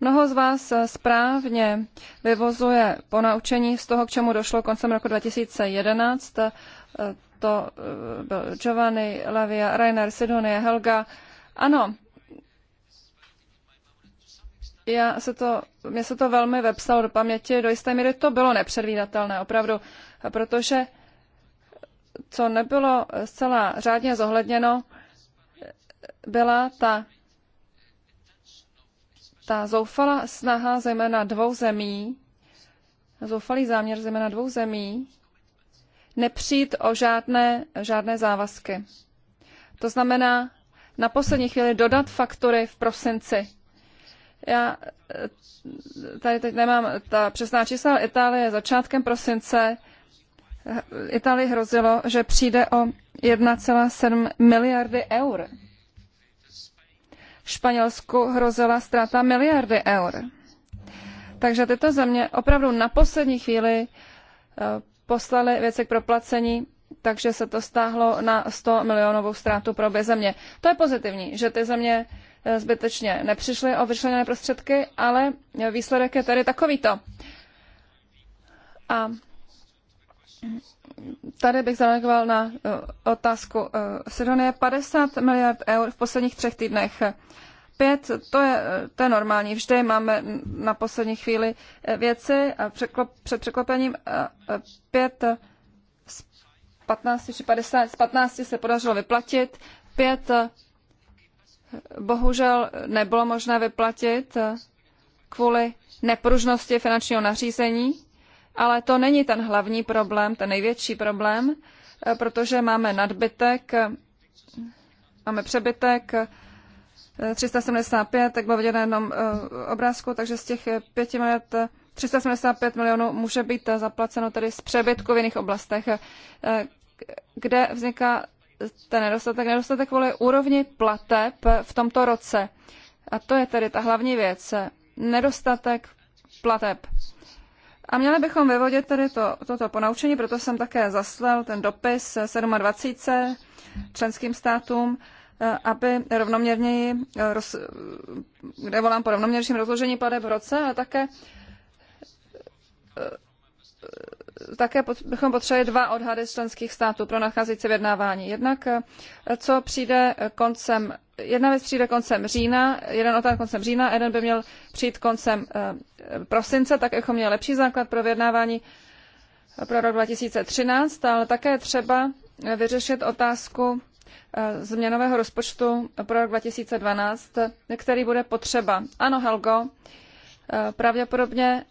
Mnoho z vás eh, správně vyvozuje ponaučení z toho, k čemu došlo koncem roku 2011. Eh, to byl Giovanni, Lavia, Rainer, Sidonie, Helga. Ano, já se to, mě se to velmi vepsalo do paměti, do jisté míry to bylo nepředvídatelné, opravdu, protože co nebylo zcela řádně zohledněno, byla ta, ta zoufalá snaha zejména dvou zemí, zoufalý záměr zejména dvou zemí, nepřijít o žádné, žádné závazky. To znamená na poslední chvíli dodat faktory v prosinci já eh, tady teď nemám ta přesná čísla, ale Itálie začátkem prosince Itálii hrozilo, že přijde o 1,7 miliardy eur. Španělsku hrozila ztráta miliardy eur. Takže tyto země opravdu na poslední chvíli eh, poslali věci k proplacení, takže se to stáhlo na 100 milionovou ztrátu pro obě země. To je pozitivní, že ty země Eh, zbytečně nepřišli o vyšlené prostředky, ale výsledek je tady takovýto. A tady bych zareagoval na eh, otázku eh, Sidonie. 50 miliard eur v posledních třech týdnech. Pět, to je, to je normální. Vždy máme na poslední chvíli věci a překlop, před překlopením pět z 15 či 50, z 15 se podařilo vyplatit, pět bohužel nebylo možné vyplatit kvůli nepružnosti finančního nařízení, ale to není ten hlavní problém, ten největší problém, protože máme nadbytek, máme přebytek 375, eh, tak bylo viděno jenom eh, obrázku, takže z těch 5 eh, miliard 375 milionů může být zaplaceno tedy z přebytku v jiných oblastech, kde vzniká ten nedostatek, nedostatek kvůli úrovni plateb v tomto roce. A to je tedy ta hlavní věc. Nedostatek plateb. A měli bychom vyvodit tedy to, toto ponaučení, proto jsem také zaslal ten dopis 27 členským státům, eh, aby rovnoměrněji, eh, roz, kde volám po rovnoměrnějším rozložení plateb v roce, a také eh, také bychom potřebovali dva odhady z členských států pro nacházející vyjednávání. Jednak, eh, co přijde koncem, jedna věc přijde koncem října, jeden odhad koncem října, jeden by měl přijít koncem eh, prosince, tak abychom jako měli lepší základ pro vyjednávání eh, pro rok 2013, ale také třeba vyřešit otázku změnového rozpočtu pro rok 2012, který bude potřeba. Ano, Helgo, pravděpodobně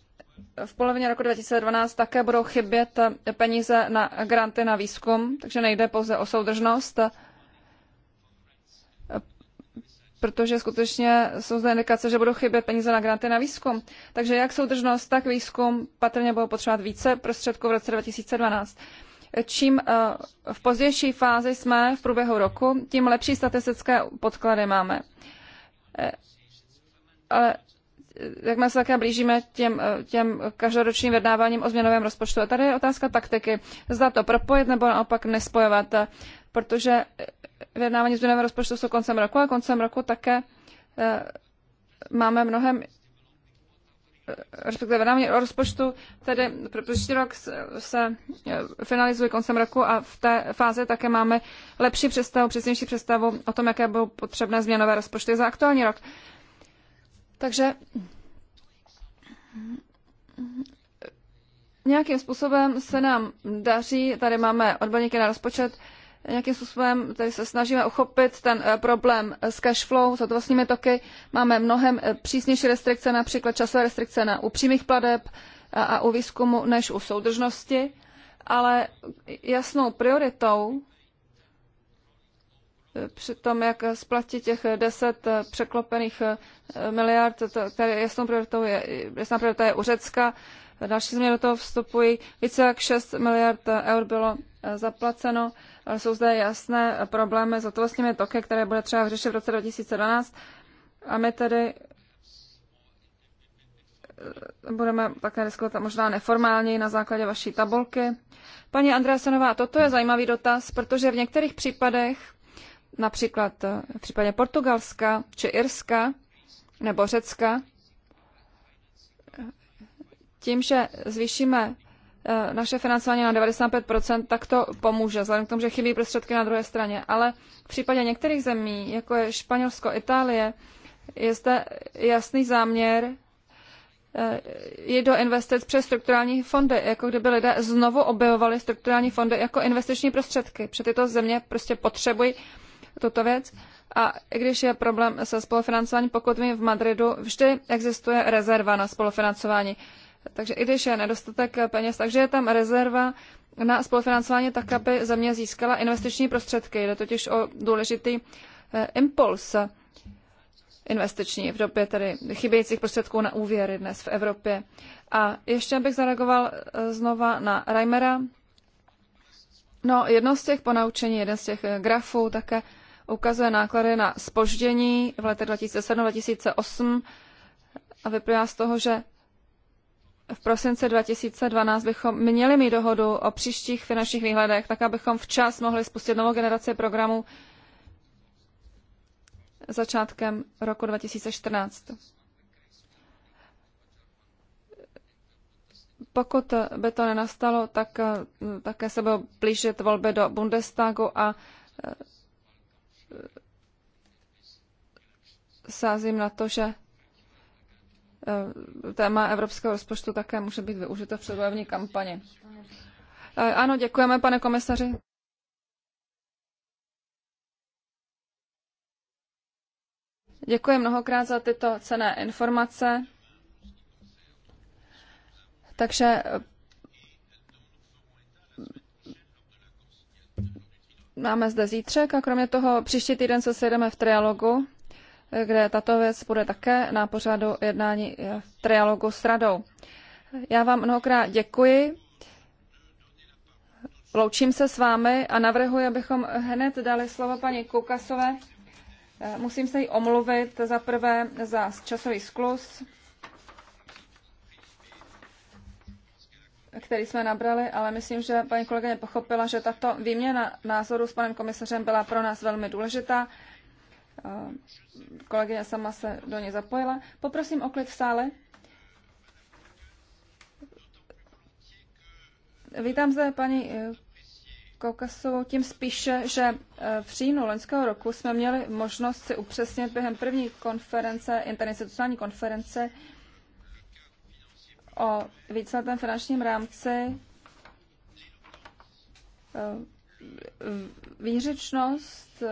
v polovině roku 2012 také budou chybět peníze na granty na výzkum, takže nejde pouze o soudržnost, protože skutečně jsou zde indikace, že budou chybět peníze na granty na výzkum. Takže jak soudržnost, tak výzkum patrně budou potřebovat více prostředků v roce 2012. Čím eh, v pozdější fázi jsme v průběhu roku, tím lepší statistické podklady máme. Eh, ale jakmile se také blížíme těm, eh, těm každoročním vědnáváním o změnovém rozpočtu. A tady je otázka taktiky. Zda to propojit nebo naopak nespojovat, eh, protože eh, o změnovém rozpočtu jsou koncem roku a koncem roku také máme mnohem respektive vědnávání o rozpočtu, tedy pro příští rok se finalizuje koncem roku a v té fázi také máme lepší představu, přesnější představu o tom, jaké budou potřebné změnové rozpočty za aktuální rok. Takže nějakým způsobem se nám daří, tady máme odborníky na rozpočet, nějakým způsobem tady se snažíme uchopit ten eh, problém s cash flow, s hotovostními toky. Máme mnohem eh, přísnější restrikce, například časové restrikce na upřímých pladeb a, a u výzkumu než u soudržnosti, ale jasnou prioritou při tom, jak splatit těch 10 eh, překlopených eh, miliard, které jasnou prioritou je, jasná priorita je u Řecka. Další změny do toho vstupují. Více jak 6 miliard eh, eur bylo zaplaceno, ale jsou zde jasné problémy s hotovostními toky, které bude třeba řešit v roce 2012. A my tedy budeme také diskutovat možná neformálně na základě vaší tabulky. Paní Andrásenová, toto je zajímavý dotaz, protože v některých případech například eh, v případě Portugalska či Irska nebo Řecka, tím, že zvýšíme eh, naše financování na 95%, tak to pomůže, vzhledem k tomu, že chybí prostředky na druhé straně. Ale v případě některých zemí, jako je Španělsko, Itálie, je zde jasný záměr eh, je do investic přes strukturální fondy, jako kdyby lidé znovu objevovali strukturální fondy jako investiční prostředky. Protože tyto země prostě potřebují tuto věc. A i když je problém se spolufinancováním, pokud vím, v Madridu vždy existuje rezerva na spolufinancování. Takže i když je nedostatek peněz, takže je tam rezerva na spolufinancování tak, aby země získala investiční prostředky. Jde totiž o důležitý eh, impuls investiční v době tedy chybějících prostředků na úvěry dnes v Evropě. A ještě bych zareagoval eh, znova na Reimera. No, jedno z těch ponaučení, jeden z těch eh, grafů také, ukazuje náklady na spoždění v letech 2007-2008 a vyplývá z toho, že v prosince 2012 bychom měli mít dohodu o příštích finančních výhledech, tak abychom včas mohli spustit novou generaci programů začátkem roku 2014. Pokud by to nenastalo, tak eh, také se budou blížit volby do Bundestagu a eh, sázím na to, že eh, téma evropského rozpočtu také může být využito v předvolební kampani. Eh, ano, děkujeme, pane komisaři. Děkuji mnohokrát za tyto cené informace. Takže máme zde zítřek a kromě toho příští týden se sejdeme v trialogu, kde tato věc bude také na pořadu jednání v trialogu s radou. Já vám mnohokrát děkuji. Loučím se s vámi a navrhuji, abychom hned dali slovo paní Kukasové. Musím se jí omluvit za prvé za časový sklus. který jsme nabrali, ale myslím, že paní kolegyně pochopila, že tato výměna názoru s panem komisařem byla pro nás velmi důležitá. Eh, kolegyně sama se do ní zapojila. Poprosím o klid v sále. Vítám zde paní eh, Kaukasovou tím spíše, že eh, v říjnu loňského roku jsme měli možnost si upřesnit během první konference, interinstitucionální konference, o víceletém finančním rámci eh, výřečnost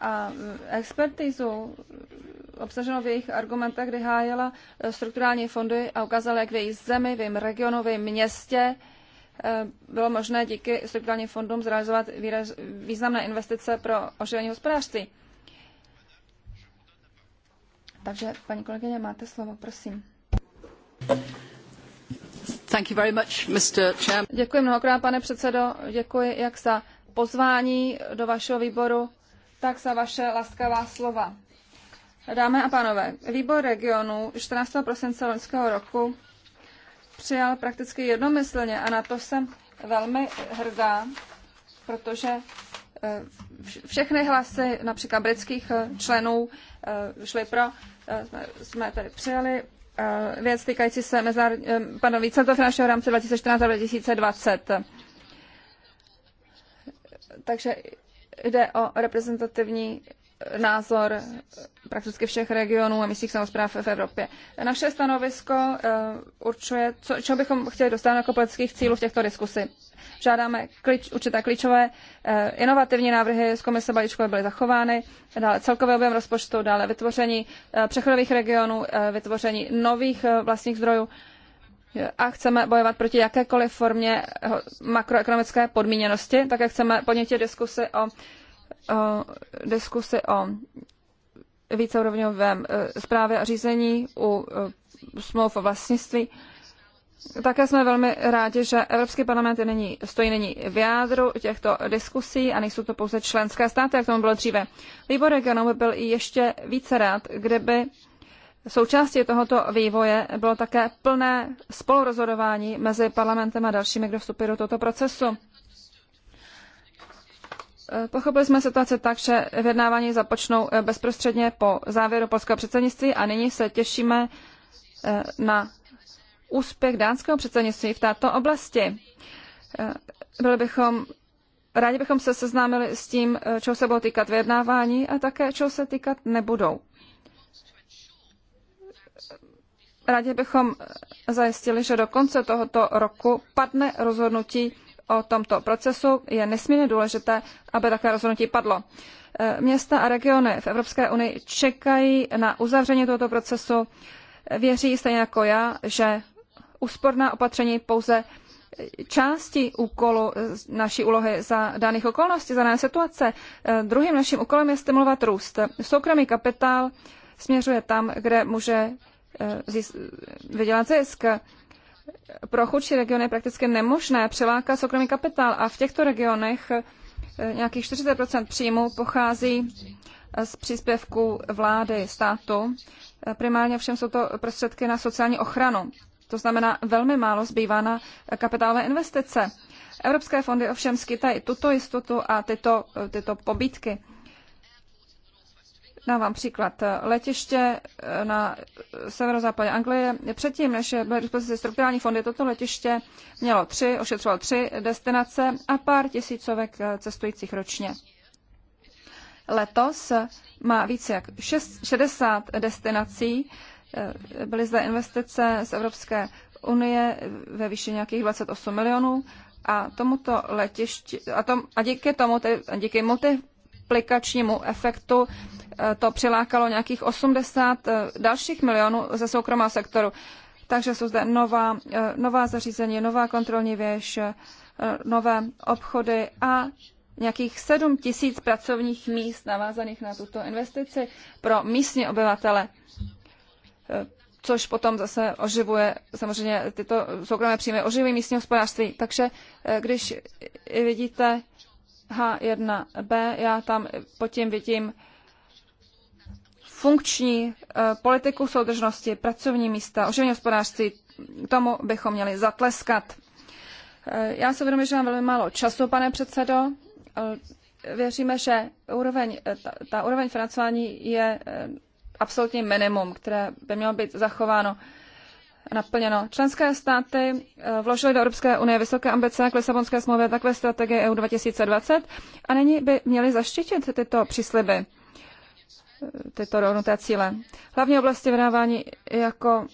a expertizu obsaženou v jejich argumentech, kdy hájela strukturální fondy a ukázala, jak v jejich zemi, v jejím regionu, v jejím městě eh, bylo možné díky strukturálním fondům zrealizovat významné investice pro oživení hospodářství. Takže, paní kolegyně, máte slovo, prosím. Děkuji mnohokrát, pane předsedo. Děkuji jak za pozvání do vašeho výboru, tak za vaše laskavá slova. Dámy a pánové, výbor regionu 14. prosince loňského roku přijal prakticky jednomyslně a na to jsem velmi hrdá, protože eh, všechny hlasy například britských eh, členů eh, šly pro, jsme tedy přijali Eh, věc týkající se mezinárodní, eh, pardon, víceletého finančního rámce 2014 a 2020. Takže jde o reprezentativní názor prakticky všech regionů a místních samozpráv v Evropě. Naše stanovisko eh, určuje, co, čeho bychom chtěli dostat jako politických cílů v těchto diskusi. Žádáme klič, určité klíčové eh, inovativní návrhy z komise balíčkové byly zachovány, dále celkový objem rozpočtu, dále vytvoření eh, přechodových regionů, vytvoření nových vlastních zdrojů a chceme bojovat proti jakékoliv formě makroekonomické podmíněnosti, také chceme podnětit diskusy o diskusi o víceúrovňovém zprávě e, a řízení u e, smlouv o vlastnictví. Také jsme velmi rádi, že Evropský parlament není, stojí nyní v jádru těchto diskusí a nejsou to pouze členské státy, jak tomu bylo dříve. Výbor regionu by byl ještě více rád, kdyby součástí tohoto vývoje bylo také plné spolurozhodování mezi parlamentem a dalšími, kdo vstupují do tohoto procesu. Eh, pochopili jsme situaci tak, že vyjednávání započnou eh, bezprostředně po závěru polského předsednictví a nyní se těšíme eh, na úspěch dánského předsednictví v této oblasti. Byli bychom, rádi bychom se seznámili s tím, čeho se budou týkat vyjednávání a také čeho se týkat nebudou. Rádi bychom zajistili, že do konce tohoto roku padne rozhodnutí o tomto procesu, je nesmírně důležité, aby takové rozhodnutí padlo. E, města a regiony v Evropské unii čekají na uzavření tohoto procesu. Věří stejně jako já, že úsporná opatření pouze části úkolu naší úlohy za daných okolností, za dané situace. E, druhým naším úkolem je stimulovat růst. Soukromý kapitál směřuje tam, kde může e, vydělat zisk pro chudší regiony je prakticky nemožné přilákat soukromý kapitál a v těchto regionech eh, nějakých 40 příjmů pochází eh, z příspěvku vlády, státu. Eh, primárně všem jsou to prostředky na sociální ochranu. To znamená, velmi málo zbývá na kapitálové investice. Evropské fondy ovšem skytají tuto jistotu a tyto, tyto pobítky. Dávám vám příklad. Letiště eh, na severozápadě Anglie, předtím, než byly dispozice strukturální fondy, toto letiště mělo tři, ošetřovalo tři destinace a pár tisícovek eh, cestujících ročně. Letos má více jak 60 destinací. Eh, byly zde investice z Evropské unie ve výši nějakých 28 milionů a tomuto letišti, a, tom, a díky tomu, tedy, díky multi, multiplikačnímu efektu eh, to přilákalo nějakých 80 eh, dalších milionů ze soukromého sektoru. Takže jsou zde nová, eh, nová zařízení, nová kontrolní věž, nové obchody a nějakých 7 tisíc pracovních míst navázaných na tuto investici pro místní obyvatele, což potom zase oživuje, samozřejmě tyto soukromé příjmy oživují místní hospodářství. Takže když vidíte, H1B, já tam pod tím vidím funkční eh, politiku soudržnosti, pracovní místa, oživení hospodářství, tomu bychom měli zatleskat. Eh, já se uvědomuji, že mám velmi málo času, pane předsedo. Eh, věříme, že úroveň, ta, ta úroveň financování je absolutní minimum, které by mělo být zachováno naplněno. Členské státy eh, vložily do Evropské unie vysoké ambice k Lisabonské smlouvě, tak ve strategii EU 2020 a nyní by měly zaštítit tyto přísliby, eh, tyto rovnuté cíle. Hlavní oblasti vydávání jako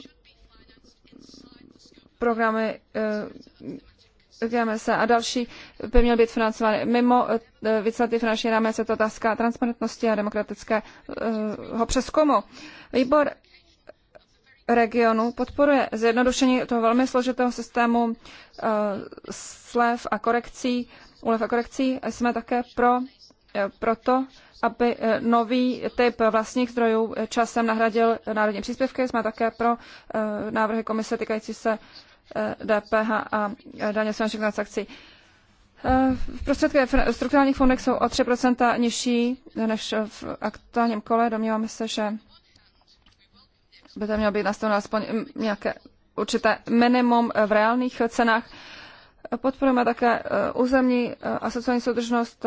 programy eh, GMS a další by měly být financovány mimo výsledky finanční rámec, je to otázka transparentnosti a demokratického přeskumu. Výbor regionu podporuje zjednodušení toho velmi složitého systému uh, slev a korekcí, úlev a korekcí. Jsme také pro, uh, proto, aby eh, nový typ vlastních zdrojů časem nahradil národní příspěvky. Jsme také pro uh, návrhy komise týkající se DPH a daně z finančních transakcí. V prostředky strukturálních fondech jsou o 3 nižší než v aktuálním kole. Domníváme se, že by tam mělo být nastaveno aspoň nějaké určité minimum eh, v reálných eh, cenách. Podporujeme také eh, územní a sociální soudržnost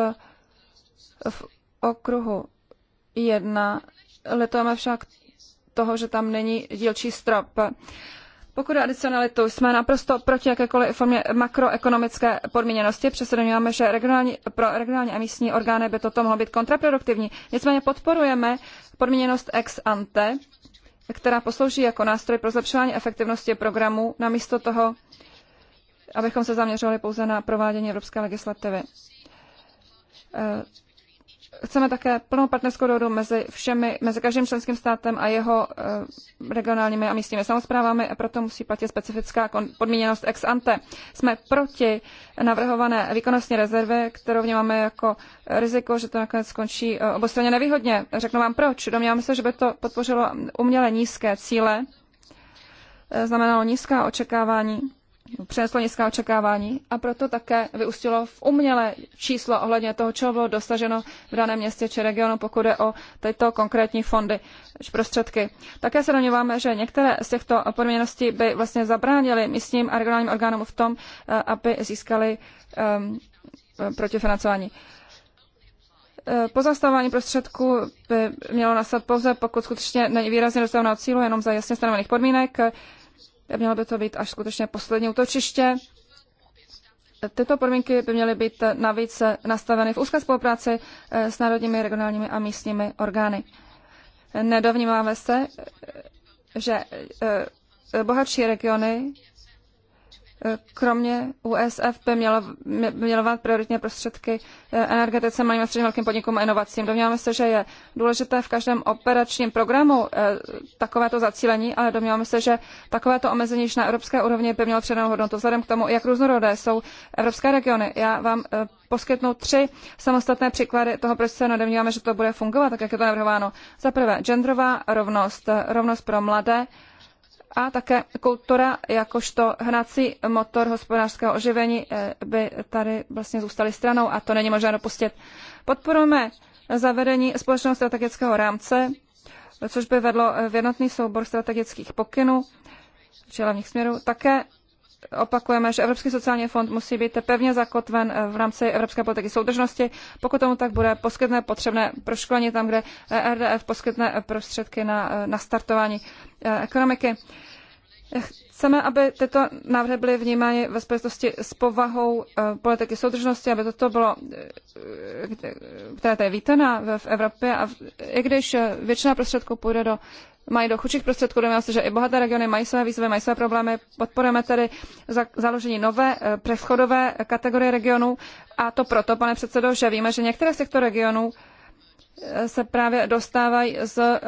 v okruhu 1. Letujeme však toho, že tam není dílčí strop. Pokud je adicionalitu, jsme naprosto proti jakékoliv formě makroekonomické podmíněnosti. Přesto že regionální, pro regionální a místní orgány by toto mohlo být kontraproduktivní. Nicméně podporujeme podmíněnost ex ante, která poslouží jako nástroj pro zlepšování efektivnosti programu, namísto toho, abychom se zaměřovali pouze na provádění evropské legislativy. Eh, Chceme také plnou partnerskou dohodu mezi všemi, mezi každým členským státem a jeho eh, regionálními a místními samozprávami a proto musí platit specifická podmíněnost ex ante. Jsme proti navrhované výkonnostní rezervy, kterou vnímáme jako riziko, že to nakonec skončí eh, obostranně nevýhodně. Řeknu vám proč. Domnívám se, že by to podpořilo uměle nízké cíle, eh, znamenalo nízká očekávání přineslo nízká očekávání a proto také vyústilo v umělé číslo ohledně toho, čeho bylo dosaženo v daném městě či regionu, pokud je o tyto konkrétní fondy či prostředky. Také se domníváme, že některé z těchto podmíněností by vlastně zabránily místním a regionálním orgánům v tom, eh, aby získali um, protifinancování. Eh, pozastavování prostředků by mělo nastat pouze, pokud skutečně není výrazně dostaveno cílu, jenom za jasně stanovených podmínek. Mělo by to být až skutečně poslední útočiště. Tyto podmínky by měly být navíc nastaveny v úzké spolupráci eh, s národními, regionálními a místními orgány. Nedovnímáme se, eh, že eh, bohatší regiony kromě USF by mělo, mělovat prioritně prostředky eh, energetice malým a středním velkým podnikům a inovacím. Domníváme se, že je důležité v každém operačním programu eh, takovéto zacílení, ale domníváme se, že takovéto omezení již na evropské úrovni by mělo přidanou hodnotu vzhledem k tomu, jak různorodé jsou evropské regiony. Já vám eh, poskytnu tři samostatné příklady toho, proč se nedomníváme, že to bude fungovat, tak jak je to navrhováno. Za prvé, genderová rovnost, rovnost pro mladé a také kultura jakožto hnací motor hospodářského oživení eh, by tady vlastně zůstaly stranou a to není možné dopustit. Podporujeme zavedení společného strategického rámce, což by vedlo v jednotný soubor strategických pokynů či hlavních směrů. Také opakujeme, že Evropský sociální fond musí být pevně zakotven eh, v rámci Evropské politiky soudržnosti. Pokud tomu tak bude, poskytne potřebné proškolení tam, kde e RDF poskytne prostředky na, eh, na startování eh, ekonomiky. Chceme, aby tyto návrhy byly vnímány ve spojitosti s povahou politiky soudržnosti, aby toto bylo, které tady víte na, v Evropě, a i když většina prostředků půjde do mají do chudších prostředků. Domnívám se, že i bohaté regiony mají své výzvy, mají své problémy. Podporujeme tedy za založení nové eh, přechodové kategorie regionů a to proto, pane předsedo, že víme, že některé z těchto regionů se právě dostávají z eh,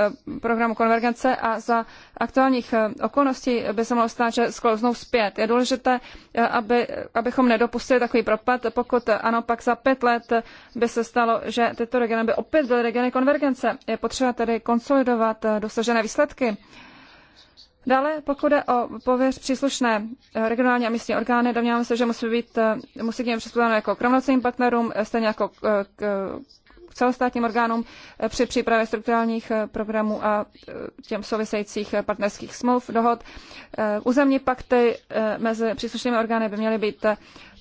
programu konvergence a za aktuálních eh, okolností by se mohlo stát, že sklouznou zpět. Je důležité, eh, aby, abychom nedopustili takový propad. Pokud ano, pak za pět let by se stalo, že tyto regiony by opět byly regiony konvergence. Je potřeba tedy konsolidovat dosažené výsledky. Dále, pokud jde o pověř příslušné regionální a místní orgány, domníváme se, že musí být musí k něm přistupováno jako k rovnocenným partnerům, stejně jako k, k celostátním orgánům eh, při přípravě strukturálních eh, programů a eh, těm souvisejících partnerských smluv, dohod. Územní pakty mezi příslušnými orgány by měly být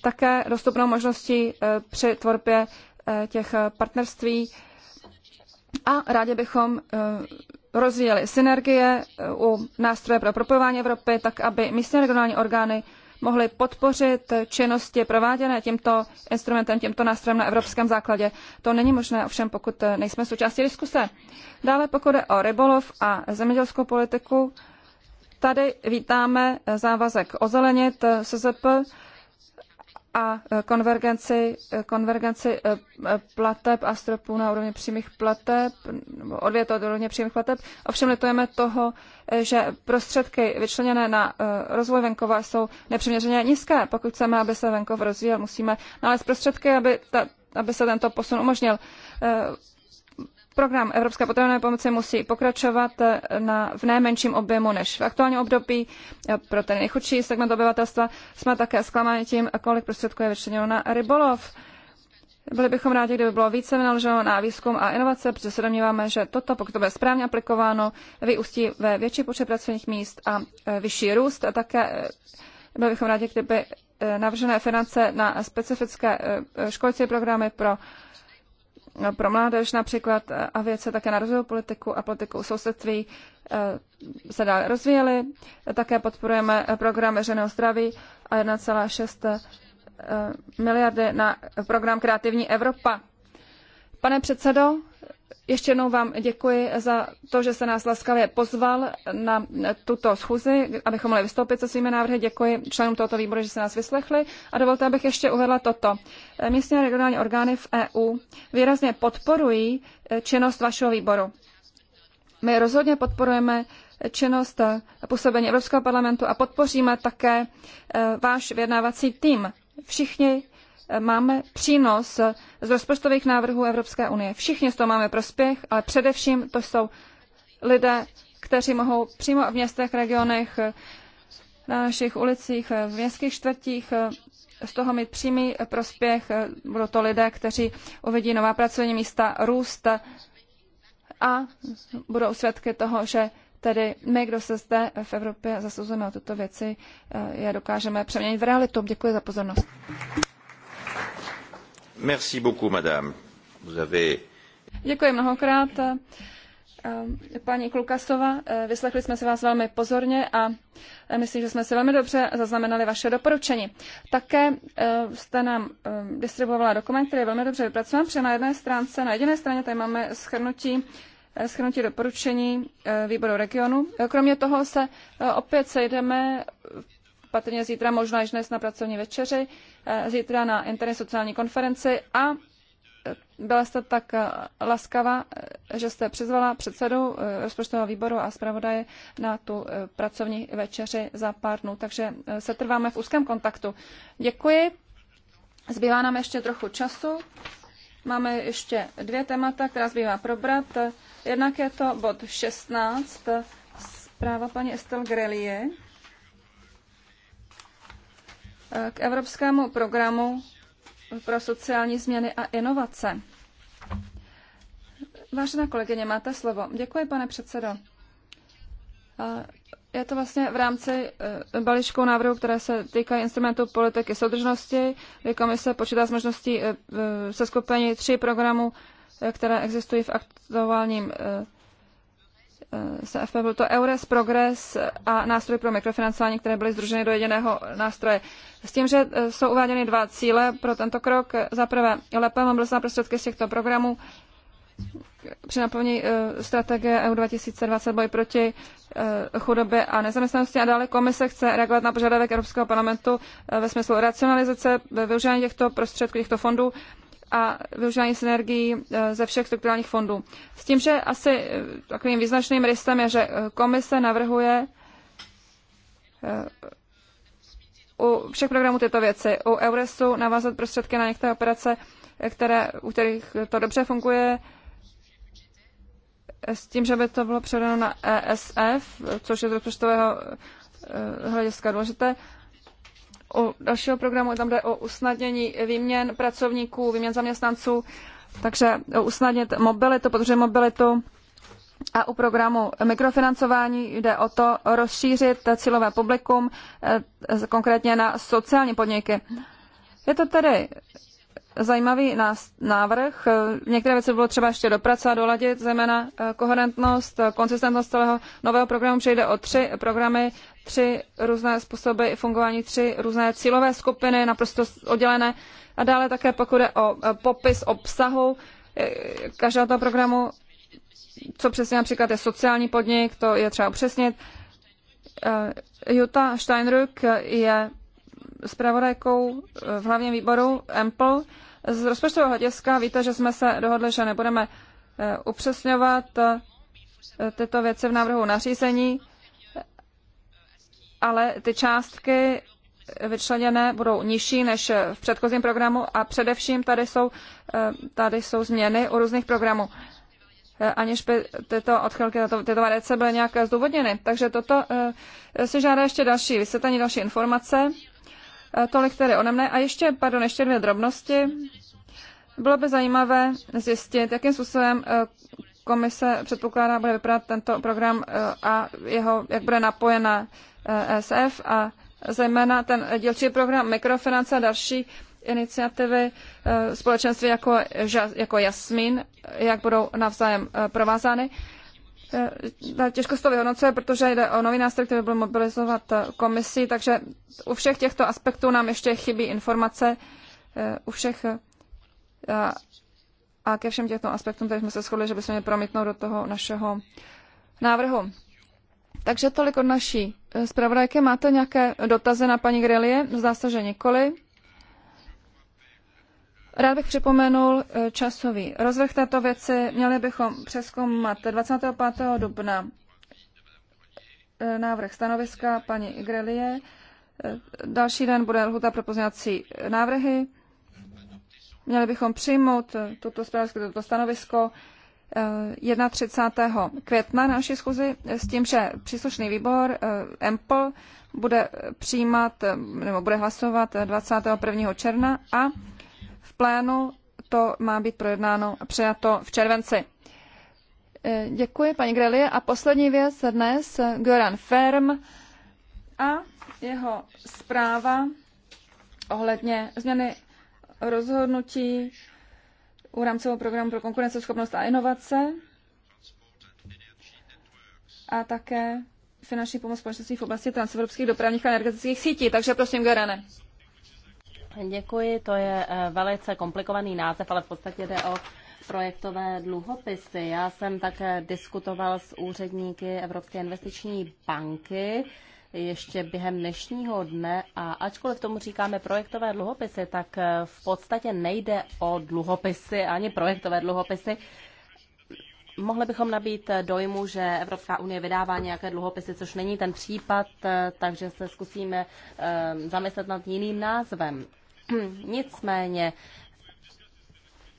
také dostupnou možností při tvorbě těch partnerství a rádi bychom rozvíjeli synergie u nástroje pro propojování Evropy, tak aby místní regionální orgány mohli podpořit činnosti prováděné tímto instrumentem, tímto nástrojem na evropském základě. To není možné, ovšem pokud nejsme součástí diskuse. Dále pokud je o rybolov a zemědělskou politiku, tady vítáme závazek ozelenit SZP, a e, konvergenci, e, konvergenci e, plateb a stropů na úrovni přímých plateb, odvět od úrovně přímých plateb. Ovšem litujeme toho, že prostředky vyčleněné na rozvoj venkova jsou nepřiměřeně nízké. Pokud chceme, aby se venkov rozvíjel, musíme nalézt prostředky, aby, ta, aby se tento posun umožnil. Program Evropské potravinové pomoci musí pokračovat eh, na, v nejmenším objemu než v aktuálním období eh, pro ten nejchudší segment obyvatelstva. Jsme také zklamáni tím, kolik prostředků je vyčleněno na rybolov. Byli bychom rádi, kdyby bylo více vynaloženo na výzkum a inovace, protože se domníváme, že toto, pokud to bude správně aplikováno, vyústí ve větší počet pracovních míst a eh, vyšší růst. A také byli bychom rádi, kdyby navržené finance na specifické školící programy pro pro mládež například eh, a věce také na rozvoj politiku a politiku sousedství eh, se dále rozvíjely. Také podporujeme eh, program veřejného zdraví a 1,6 miliardy na program Kreativní Evropa. Pane předsedo, ještě jednou vám děkuji za to, že se nás laskavě pozval na tuto schůzi, abychom mohli vystoupit se svými návrhy. Děkuji členům tohoto výboru, že se nás vyslechli. A dovolte, abych ještě uvedla toto. Místní a regionální orgány v EU výrazně podporují eh, činnost vašeho výboru. My rozhodně podporujeme eh, činnost eh, působení Evropského parlamentu a podpoříme také váš vyjednávací tým. Všichni máme přínos z rozpočtových návrhů Evropské unie. Všichni z toho máme prospěch, ale především to jsou lidé, kteří mohou přímo v městech, regionech, na našich ulicích, v městských čtvrtích z toho mít přímý prospěch. Budou to lidé, kteří uvidí nová pracovní místa, růst a budou svědky toho, že tedy my, kdo se zde v Evropě zasazujeme o tyto věci, je dokážeme přeměnit v realitu. Děkuji za pozornost. Děkuji mnohokrát. Eh, paní Klukasova, eh, vyslechli jsme si vás velmi pozorně a eh, myslím, že jsme si velmi dobře zaznamenali vaše doporučení. Také jste nám distribuovala dokument, který je velmi dobře vypracován, protože na jedné stránce, na jediné straně tady máme shrnutí doporučení výboru regionu. Kromě toho se opět sejdeme patrně zítra, možná již dnes na pracovní večeři, Eh, zítra na interní sociální konferenci a eh, byla jste tak eh, laskava, že jste přizvala předsedu rozpočtového výboru a zpravodaje na tu pracovní večeři za pár dnů, takže se trváme v úzkém kontaktu. Děkuji. Zbývá nám ještě trochu času. Máme ještě dvě témata, která zbývá probrat. Jednak je to bod 16, zpráva paní Estelle Grelier k Evropskému programu pro sociální změny a inovace. Vážená kolegyně, máte slovo. Děkuji, pane předsedo. Je to vlastně v rámci eh, balíčku návrhu, které se týkají instrumentů politiky soudržnosti, kdy komise počítá s možností eh, seskupení tří programů, eh, které existují v aktuálním CFP, byl to EURES, PROGRESS a nástroj pro mikrofinancování, které byly združeny do jediného nástroje. S tím, že e, jsou uváděny dva cíle pro tento krok. Za prvé, lépe na prostředky z těchto programů při naplnění e, strategie EU 2020 boj proti e, chudobě a nezaměstnanosti a dále komise chce reagovat na požadavek Evropského parlamentu ve smyslu racionalizace ve využívání těchto prostředků, těchto fondů a využívání synergií e, ze všech strukturálních fondů. S tím, že asi e, takovým význačným rysem je, že e, komise navrhuje u všech programů tyto věci. U Euresu navázat prostředky na některé operace, které, u kterých to dobře funguje, s tím, že by to bylo předáno na ESF, což je z rozpočtového hlediska důležité u dalšího programu tam jde o usnadnění výměn pracovníků, výměn zaměstnanců, takže usnadnit mobilitu, protože mobilitu a u programu mikrofinancování jde o to rozšířit cílové publikum eh, konkrétně na sociální podniky. Je to tedy zajímavý návrh. Některé věci bylo třeba ještě dopracovat, doladit, zejména eh, koherentnost, eh, konsistentnost celého nového programu přejde o tři programy, tři různé způsoby fungování, tři různé cílové skupiny, naprosto oddělené. A dále také pokud je o eh, popis obsahu každého toho programu, co přesně například je sociální podnik, to je třeba upřesnit. Jutta Steinrück je zpravodajkou eh, v hlavním výboru EMPL. Z rozpočtového hlediska víte, že jsme se dohodli, že nebudeme eh, upřesňovat eh, tyto věci v návrhu nařízení, ale ty částky vyčleněné budou nižší než v předchozím programu a především tady jsou, tady jsou změny u různých programů aniž by tyto odchylky, tyto variace byly nějak zdůvodněny. Takže toto si žádá ještě další vysvětlení, další informace. Eh, tolik tedy ode mne. A ještě, pardon, ještě dvě drobnosti. Bylo by zajímavé zjistit, jakým způsobem eh, komise předpokládá, bude vypadat tento program eh, a jeho, jak bude napojen na SF a zejména ten dílčí program mikrofinance a další iniciativy společenství jako, jako Jasmin, jak budou navzájem provázány. Eh, eh, těžko se to vyhodnocuje, protože jde o nový nástroj, který byl mobilizovat eh, komisí, takže u všech těchto aspektů nám ještě chybí informace, u všech a ke všem těchto aspektům, které jsme se shodli, že bychom měli promítnout do toho našeho návrhu. Takže tolik od naší zpravodajky. Máte nějaké dotazy na paní Grelie? Zdá se, že nikoli. Rád bych připomenul eh, časový rozvrh této věci. Měli bychom přeskoumat 25. dubna eh, návrh stanoviska paní Igrelie. Eh, další den bude lhuta pro pozněvací návrhy. Měli bychom přijmout tuto zprávu, toto stanovisko 31. května na naší schůzi s tím, že příslušný výbor EMPL bude přijímat nebo bude hlasovat 21. června a v plénu to má být projednáno a přijato v červenci. E, děkuji, paní Grelie. A poslední věc dnes, Göran Ferm a jeho zpráva ohledně změny rozhodnutí u rámcového programu pro konkurenceschopnost a inovace a také finanční pomoc společností v oblasti transevropských dopravních a energetických sítí. Takže prosím, Gerane. Děkuji, to je eh, velice komplikovaný název, ale v podstatě jde o projektové dluhopisy. Já jsem také diskutoval s úředníky Evropské investiční banky ještě během dnešního dne a ačkoliv tomu říkáme projektové dluhopisy, tak eh, v podstatě nejde o dluhopisy ani projektové dluhopisy. Mohli bychom nabít eh, dojmu, že Evropská unie vydává nějaké dluhopisy, což není ten případ, takže se zkusíme zamyslet nad jiným názvem. Hmm, nicméně,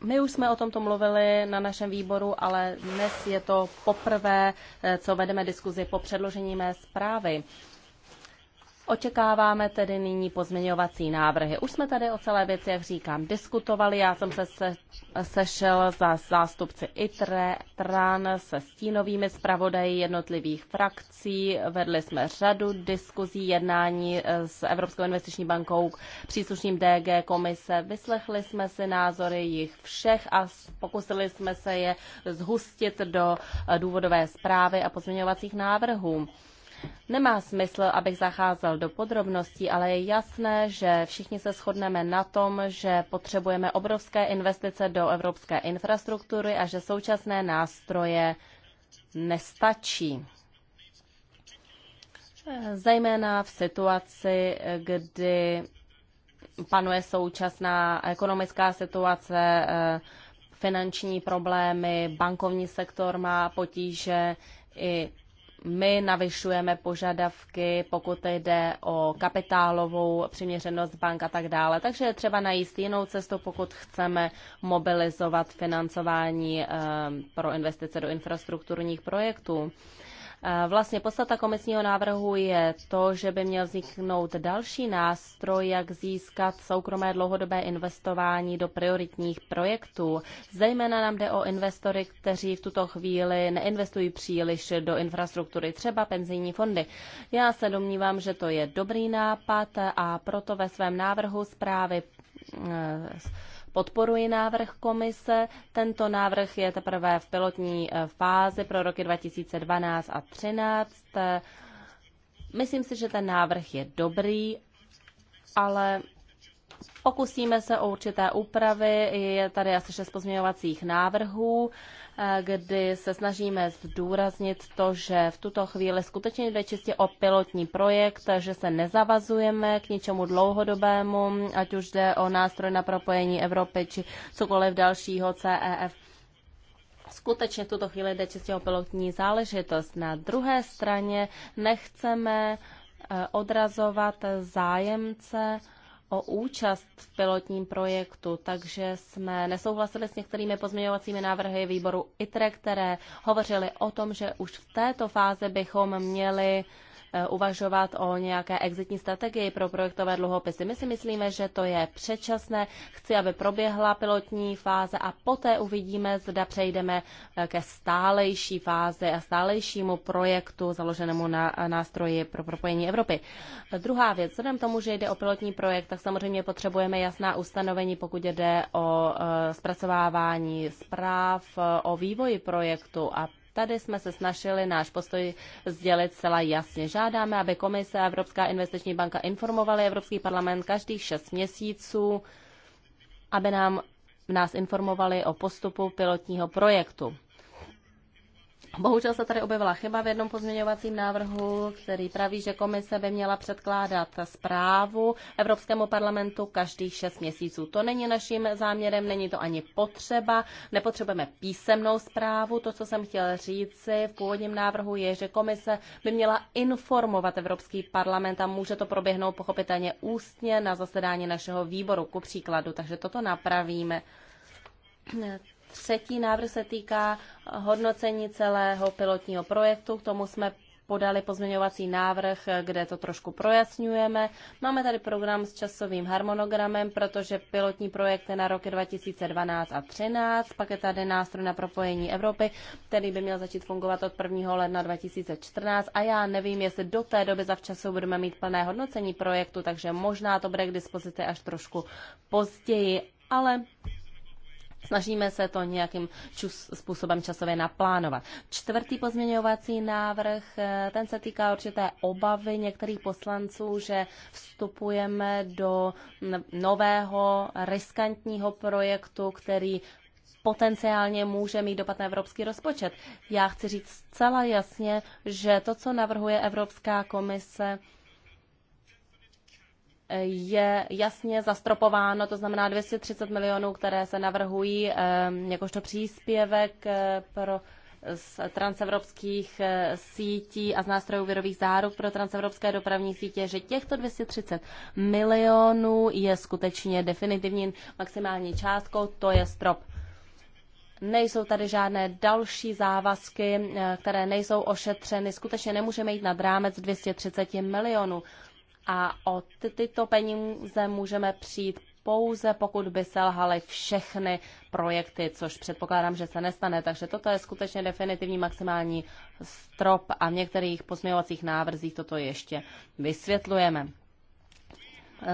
my už jsme o tomto mluvili na našem výboru, ale dnes je to poprvé, eh, co vedeme diskuzi po předložení mé zprávy. Očekáváme tedy nyní pozměňovací návrhy. Už jsme tady o celé věci, jak říkám, diskutovali. Já jsem se, se sešel za zástupci ITRE, TRAN se stínovými zpravodaji jednotlivých frakcí. Vedli jsme řadu diskuzí, jednání eh, s Evropskou investiční bankou, příslušným DG komise. Vyslechli jsme si názory jich všech a pokusili jsme se je zhustit do eh, důvodové zprávy a pozměňovacích návrhů. Nemá smysl, abych zacházel do podrobností, ale je jasné, že všichni se shodneme na tom, že potřebujeme obrovské investice do evropské infrastruktury a že současné nástroje nestačí. Zejména v situaci, kdy panuje současná ekonomická situace, eh, finanční problémy, bankovní sektor má potíže, i my navyšujeme požadavky, pokud jde o kapitálovou přiměřenost bank a tak dále. Takže je třeba najít jinou cestu, pokud chceme mobilizovat financování eh, pro investice do infrastrukturních projektů. Eh, vlastně podstata komisního návrhu je to, že by měl vzniknout další nástroj, jak získat soukromé dlouhodobé investování do prioritních projektů. Zejména nám jde o investory, kteří v tuto chvíli neinvestují příliš do infrastruktury, třeba penzijní fondy. Já se domnívám, že to je dobrý nápad a proto ve svém návrhu zprávy eh, podporuji návrh komise. Tento návrh je teprve v pilotní eh, fázi pro roky 2012 a 2013. Eh, myslím si, že ten návrh je dobrý, ale pokusíme se o určité úpravy. Je tady asi šest pozměňovacích návrhů. Eh, kdy se snažíme zdůraznit to, že v tuto chvíli skutečně jde čistě o pilotní projekt, že se nezavazujeme k ničemu dlouhodobému, ať už jde o nástroj na propojení Evropy či cokoliv dalšího CEF. Skutečně v tuto chvíli jde čistě o pilotní záležitost. Na druhé straně nechceme eh, odrazovat zájemce o účast v pilotním projektu, takže jsme nesouhlasili s některými pozměňovacími návrhy výboru ITRE, které hovořily o tom, že už v této fázi bychom měli Eh, uvažovat o nějaké exitní strategii pro projektové dluhopisy. My si myslíme, že to je předčasné. Chci, aby proběhla pilotní fáze a poté uvidíme, zda přejdeme eh, ke stálejší fázi a stálejšímu projektu založenému na eh, nástroji pro propojení Evropy. Druhá věc, vzhledem tomu, že jde o pilotní projekt, tak samozřejmě potřebujeme jasná ustanovení, pokud jde o zpracovávání zpráv, o vývoji projektu a Tady jsme se snažili náš postoj sdělit celá jasně. Žádáme, aby komise a Evropská investiční banka informovaly Evropský parlament každých šest měsíců, aby nám nás informovali o postupu pilotního projektu. Bohužel se tady objevila chyba v jednom pozměňovacím návrhu, který praví, že komise by měla předkládat zprávu Evropskému parlamentu každých šest měsíců. To není naším záměrem, není to ani potřeba. Nepotřebujeme písemnou zprávu. To, co jsem chtěl říci v původním návrhu, je, že komise by měla informovat Evropský parlament a může to proběhnout pochopitelně ústně na zasedání našeho výboru, ku příkladu. Takže toto napravíme. Třetí návrh se týká hodnocení celého pilotního projektu. K tomu jsme podali pozměňovací návrh, kde to trošku projasňujeme. Máme tady program s časovým harmonogramem, protože pilotní projekt je na roky 2012 a 2013, pak je tady nástroj na propojení Evropy, který by měl začít fungovat od 1. ledna 2014 a já nevím, jestli do té doby za včasu budeme mít plné hodnocení projektu, takže možná to bude k dispozici až trošku později, ale Snažíme se to nějakým čus, způsobem časově naplánovat. Čtvrtý pozměňovací návrh, eh, ten se týká určité obavy některých poslanců, že vstupujeme do nového riskantního projektu, který potenciálně může mít dopad na evropský rozpočet. Já chci říct zcela jasně, že to, co navrhuje Evropská komise, je jasně zastropováno, to znamená 230 milionů, které se navrhují ehm, jakožto příspěvek eh, pro z transevropských eh, sítí a z nástrojů věrových záruk pro transevropské dopravní sítě, že těchto 230 milionů je skutečně definitivní maximální částkou, to je strop. Nejsou tady žádné další závazky, eh, které nejsou ošetřeny. Skutečně nemůžeme jít nad rámec 230 milionů a o ty, tyto peníze můžeme přijít pouze pokud by selhaly všechny projekty, což předpokládám, že se nestane. Takže toto je skutečně definitivní maximální strop a v některých pozměňovacích návrzích toto ještě vysvětlujeme.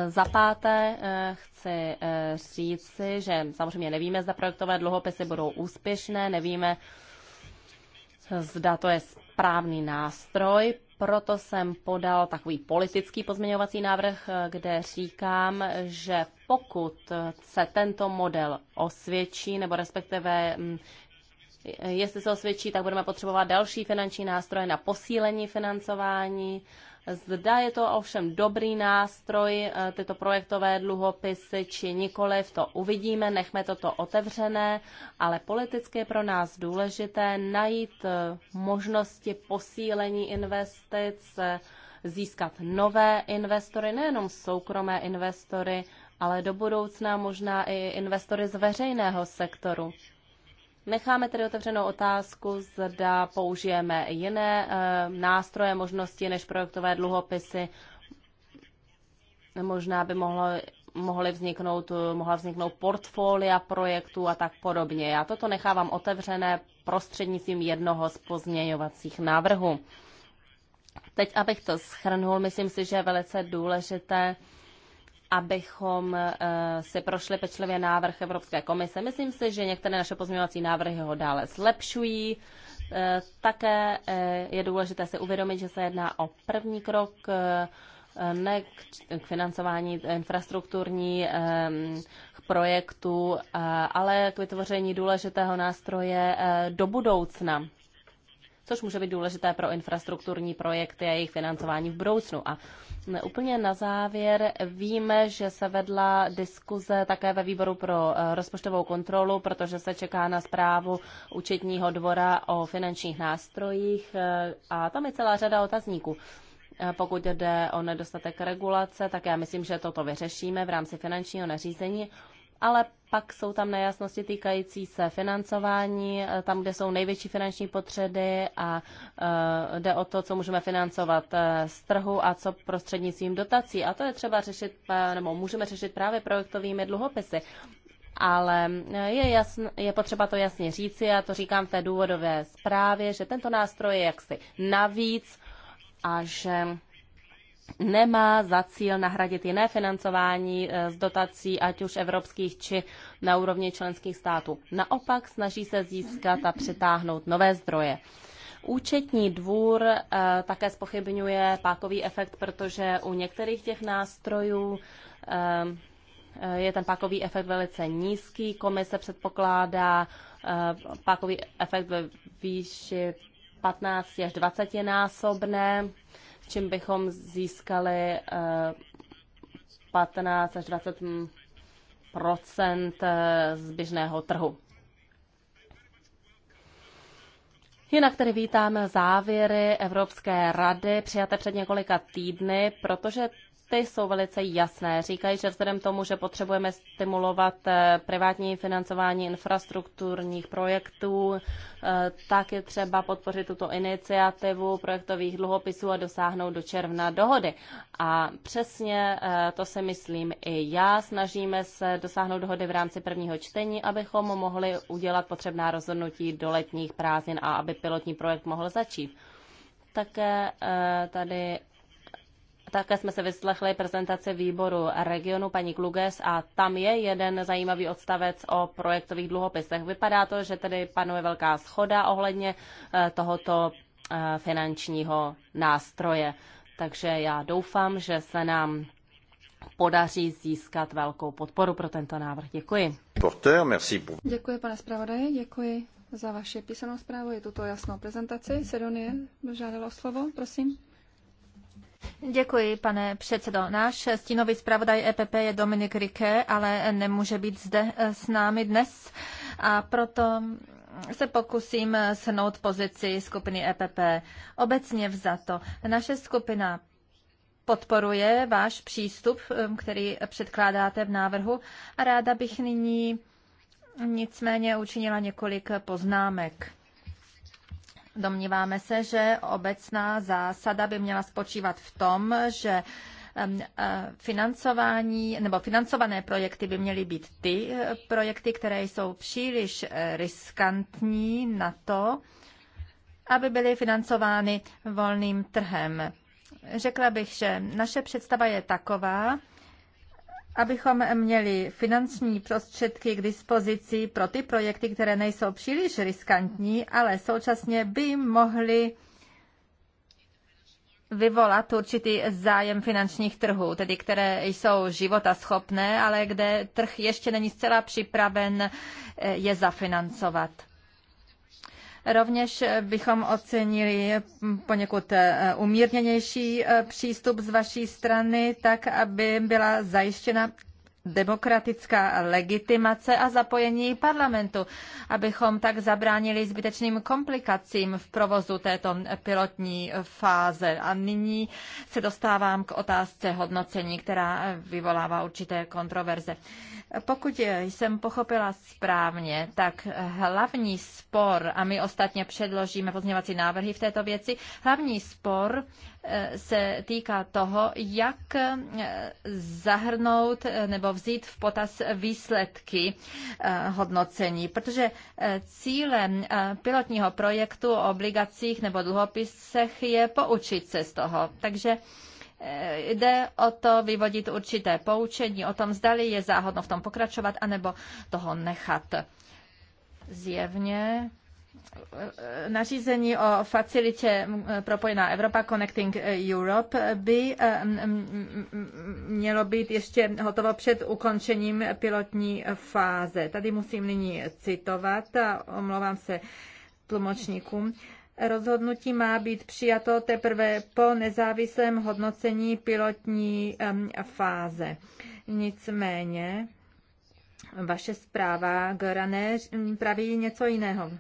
Za páté eh, chci eh, říci, že samozřejmě nevíme, zda projektové dluhopisy budou úspěšné, nevíme, zda to je správný nástroj proto jsem podal takový politický pozměňovací návrh, eh, kde říkám, že pokud se tento model osvědčí, nebo respektive mm, Jestli se osvědčí, tak budeme potřebovat další finanční nástroje na posílení financování. Zda je to ovšem dobrý nástroj, eh, tyto projektové dluhopisy či nikoliv, to uvidíme, nechme toto otevřené, ale politicky je pro nás důležité najít eh, možnosti posílení investic, eh, získat nové investory, nejenom soukromé investory, ale do budoucna možná i investory z veřejného sektoru. Necháme tedy otevřenou otázku, zda použijeme jiné eh, nástroje, možnosti než projektové dluhopisy. Možná by mohlo mohly vzniknout, eh, mohla vzniknout portfolia projektů a tak podobně. Já toto nechávám otevřené prostřednictvím jednoho z pozměňovacích návrhů. Teď, abych to schrnul, myslím si, že je velice důležité abychom eh, si prošli pečlivě návrh Evropské komise. Myslím si, že některé naše pozměňovací návrhy ho dále zlepšují. Eh, také eh, je důležité si uvědomit, že se jedná o první krok ne k financování infrastrukturních projektů, ale k vytvoření důležitého nástroje do budoucna což může být důležité pro infrastrukturní projekty a jejich financování v budoucnu. A úplně na závěr víme, že se vedla diskuze také ve výboru pro eh, rozpočtovou kontrolu, protože se čeká na zprávu účetního dvora o finančních nástrojích eh, a tam je celá řada otazníků. Eh, pokud jde o nedostatek regulace, tak já myslím, že toto vyřešíme v rámci finančního nařízení ale pak jsou tam nejasnosti týkající se financování, eh, tam, kde jsou největší finanční potřeby a eh, jde o to, co můžeme financovat eh, z trhu a co prostřednictvím dotací. A to je třeba řešit, nebo můžeme řešit právě projektovými dluhopisy. Ale je, jasn, je potřeba to jasně říci, a to říkám v té důvodové zprávě, že tento nástroj je jaksi navíc a že nemá za cíl nahradit jiné financování eh, z dotací, ať už evropských či na úrovni členských států. Naopak snaží se získat a přitáhnout nové zdroje. Účetní dvůr eh, také spochybňuje pákový efekt, protože u některých těch nástrojů eh, je ten pákový efekt velice nízký. Komise předpokládá pákový efekt ve výši 15 až 20 násobné čím bychom získali 15 eh, až 20 eh, z běžného trhu. Jinak tedy vítáme závěry Evropské rady přijaté před několika týdny, protože ty jsou velice jasné. Říkají, že vzhledem tomu, že potřebujeme stimulovat eh, privátní financování infrastrukturních projektů, eh, tak je třeba podpořit tuto iniciativu projektových dluhopisů a dosáhnout do června dohody. A přesně eh, to se myslím i já. Snažíme se dosáhnout dohody v rámci prvního čtení, abychom mohli udělat potřebná rozhodnutí do letních prázdnin a aby pilotní projekt mohl začít. Také tady také jsme se vyslechli prezentaci výboru regionu paní Kluges a tam je jeden zajímavý odstavec o projektových dluhopisech. Vypadá to, že tedy panuje velká schoda ohledně eh, tohoto eh, finančního nástroje. Takže já doufám, že se nám podaří získat velkou podporu pro tento návrh. Děkuji. Děkuji, pane zpravodaji, děkuji za vaši písemnou zprávu Je tuto jasnou prezentaci. Sedonie žádalo slovo, prosím. Děkuji, pane předsedo. Náš stínový zpravodaj EPP je Dominik Rike, ale nemůže být zde eh, s námi dnes a proto se pokusím shrnout pozici skupiny EPP. Obecně vzato, naše skupina podporuje váš přístup, eh, který předkládáte v návrhu a ráda bych nyní nicméně učinila několik poznámek. Domníváme se, že obecná zásada by měla spočívat v tom, že e, financování nebo financované projekty by měly být ty e, projekty, které jsou příliš e, riskantní na to, aby byly financovány volným trhem. Řekla bych, že naše představa je taková, abychom měli finanční prostředky k dispozici pro ty projekty, které nejsou příliš riskantní, ale současně by mohly vyvolat určitý zájem finančních trhů, tedy které jsou životaschopné, ale kde trh ještě není zcela připraven eh, je zafinancovat. Rovněž bychom ocenili poněkud eh, umírněnější eh, přístup z vaší strany, tak aby byla zajištěna demokratická legitimace a zapojení parlamentu, abychom tak zabránili zbytečným komplikacím v provozu této pilotní fáze. A nyní se dostávám k otázce hodnocení, která vyvolává určité kontroverze. Pokud jsem pochopila správně, tak hlavní spor, a my ostatně předložíme pozměvací návrhy v této věci, hlavní spor eh, se týká toho, jak eh, zahrnout eh, nebo vzít v potaz výsledky eh, hodnocení, protože eh, cílem eh, pilotního projektu o obligacích nebo dluhopisech je poučit se z toho. Takže jde o to vyvodit určité poučení o tom, zdali je záhodno v tom pokračovat, anebo toho nechat. Zjevně nařízení o facilitě propojená Evropa Connecting Europe by mělo být ještě hotovo před ukončením pilotní fáze. Tady musím nyní citovat a omlouvám se tlumočníkům. Rozhodnutí má být přijato teprve po nezávislém hodnocení pilotní fáze. Nicméně vaše zpráva, Gorané, praví něco jiného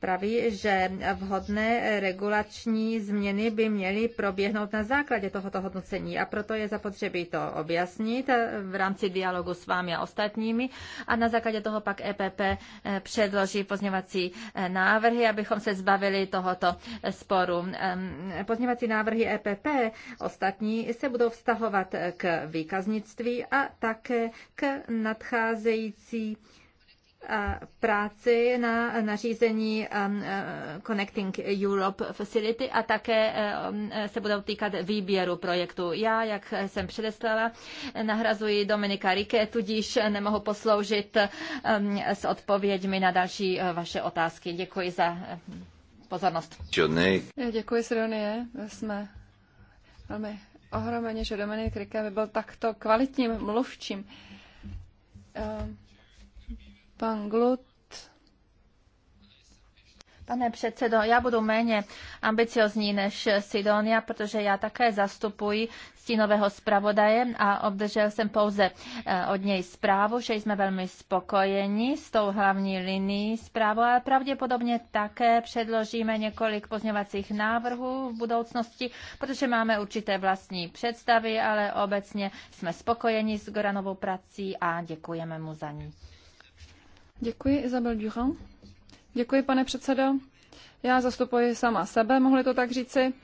praví, že vhodné regulační změny by měly proběhnout na základě tohoto hodnocení a proto je zapotřebí to objasnit v rámci dialogu s vámi a ostatními a na základě toho pak EPP eh, předloží pozněvací eh, návrhy, abychom se zbavili tohoto eh, sporu. Ehm, pozněvací návrhy EPP ostatní se budou vztahovat k výkaznictví a také k nadcházející práci na nařízení um, uh, Connecting Europe Facility a také um, se budou týkat výběru projektu. Já, jak jsem předeslala, nahrazuji Dominika Rike, tudíž nemohu posloužit um, s odpověďmi na další uh, vaše otázky. Děkuji za uh, pozornost. Děkuji, Sidonie. Jsme velmi ohromeně, že Dominik Rike by byl takto kvalitním mluvčím. Um Pan Glut. Pane předsedo, já budu méně ambiciozní než Sidonia, protože já také zastupuji stínového zpravodaje a obdržel jsem pouze eh, od něj zprávu, že jsme velmi spokojeni s tou hlavní linií zprávu, ale pravděpodobně také předložíme několik pozměvacích návrhů v budoucnosti, protože máme určité vlastní představy, ale obecně jsme spokojeni s Goranovou prací a děkujeme mu za ní. Děkuji, Isabel Durand. Děkuji, pane předsedo. Já zastupuji sama sebe, mohli to tak říci.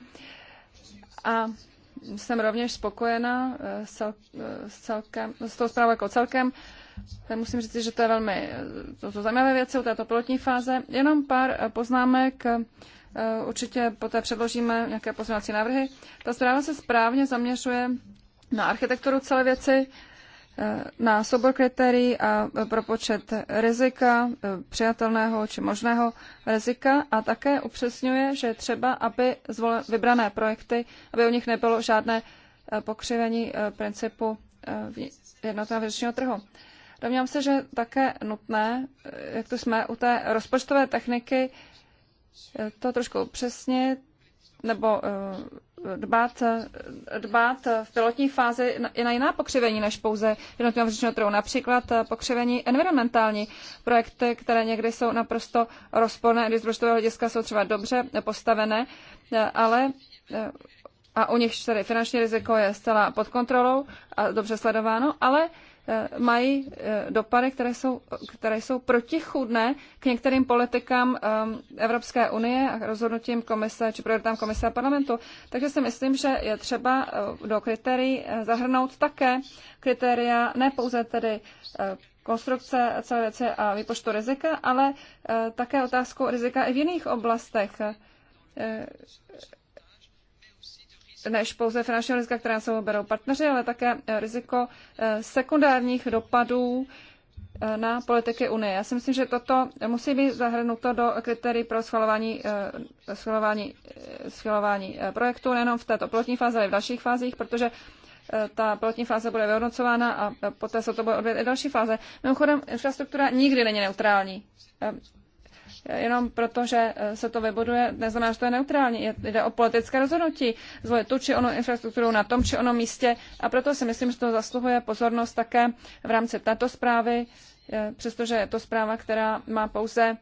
A jsem rovněž spokojena eh, s, cel, eh, s, celkem, s tou zprávou jako celkem. Eh, musím říct, že to je velmi to, to zajímavé věci u této pilotní fáze. Jenom pár poznámek. Určitě poté předložíme nějaké pozměňovací návrhy. Ta zpráva se správně zaměřuje na architekturu celé věci na soubor kritérií a propočet rizika, e, přijatelného či možného rizika a také upřesňuje, že třeba, aby vybrané projekty, aby u nich nebylo žádné e, pokřivení e, principu jednotného věřečního trhu. Domnívám se, že také nutné, jak tu jsme u té rozpočtové techniky, to trošku upřesnit nebo dbát, dbát v pilotní fázi i na jiná pokřivení než pouze jednotlivého vřečního trhu, například eh, pokřivení environmentální. Projekty, které někdy jsou naprosto rozporné, když z rozpočtového hlediska jsou třeba dobře postavené, eh, ale eh, a u nich tedy finanční riziko je zcela pod kontrolou a dobře sledováno, ale Eh, mají eh, dopady, které jsou, které jsou protichůdné k některým politikám ehm, Evropské unie a rozhodnutím komise či prioritám komise a parlamentu. Takže si myslím, že je třeba eh, do kritérií zahrnout také kritéria ne pouze tedy konstrukce celé věci a výpočtu rizika, ale také otázku rizika i v jiných oblastech než pouze finanční rizika, která se berou partneři, ale také eh, riziko eh, sekundárních dopadů eh, na politiky Unie. Já si myslím, že toto musí být zahrnuto do kritérií pro schvalování, schvalování, schvalování projektu, nejenom v této pilotní fázi, ale i v dalších fázích, protože ta pilotní fáze bude vyhodnocována a poté se to bude odvět i další fáze. Mimochodem, infrastruktura nikdy není neutrální jenom proto, že eh, se to vybuduje, neznamená, že to je neutrální. Jde o politické rozhodnutí zvolit tu či onu infrastrukturu na tom či onom místě a proto si myslím, že to zasluhuje pozornost také v rámci této zprávy, eh, přestože je to zpráva, která má pouze,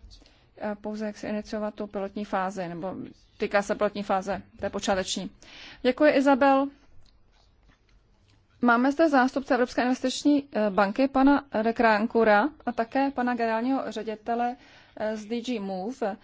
eh, pouze jak se iniciovat tu pilotní fázi, nebo týká se pilotní fáze, té počáteční. Děkuji, Izabel. Máme zde zástupce Evropské investiční banky, pana Rekránkura a také pana generálního ředitele z DG Move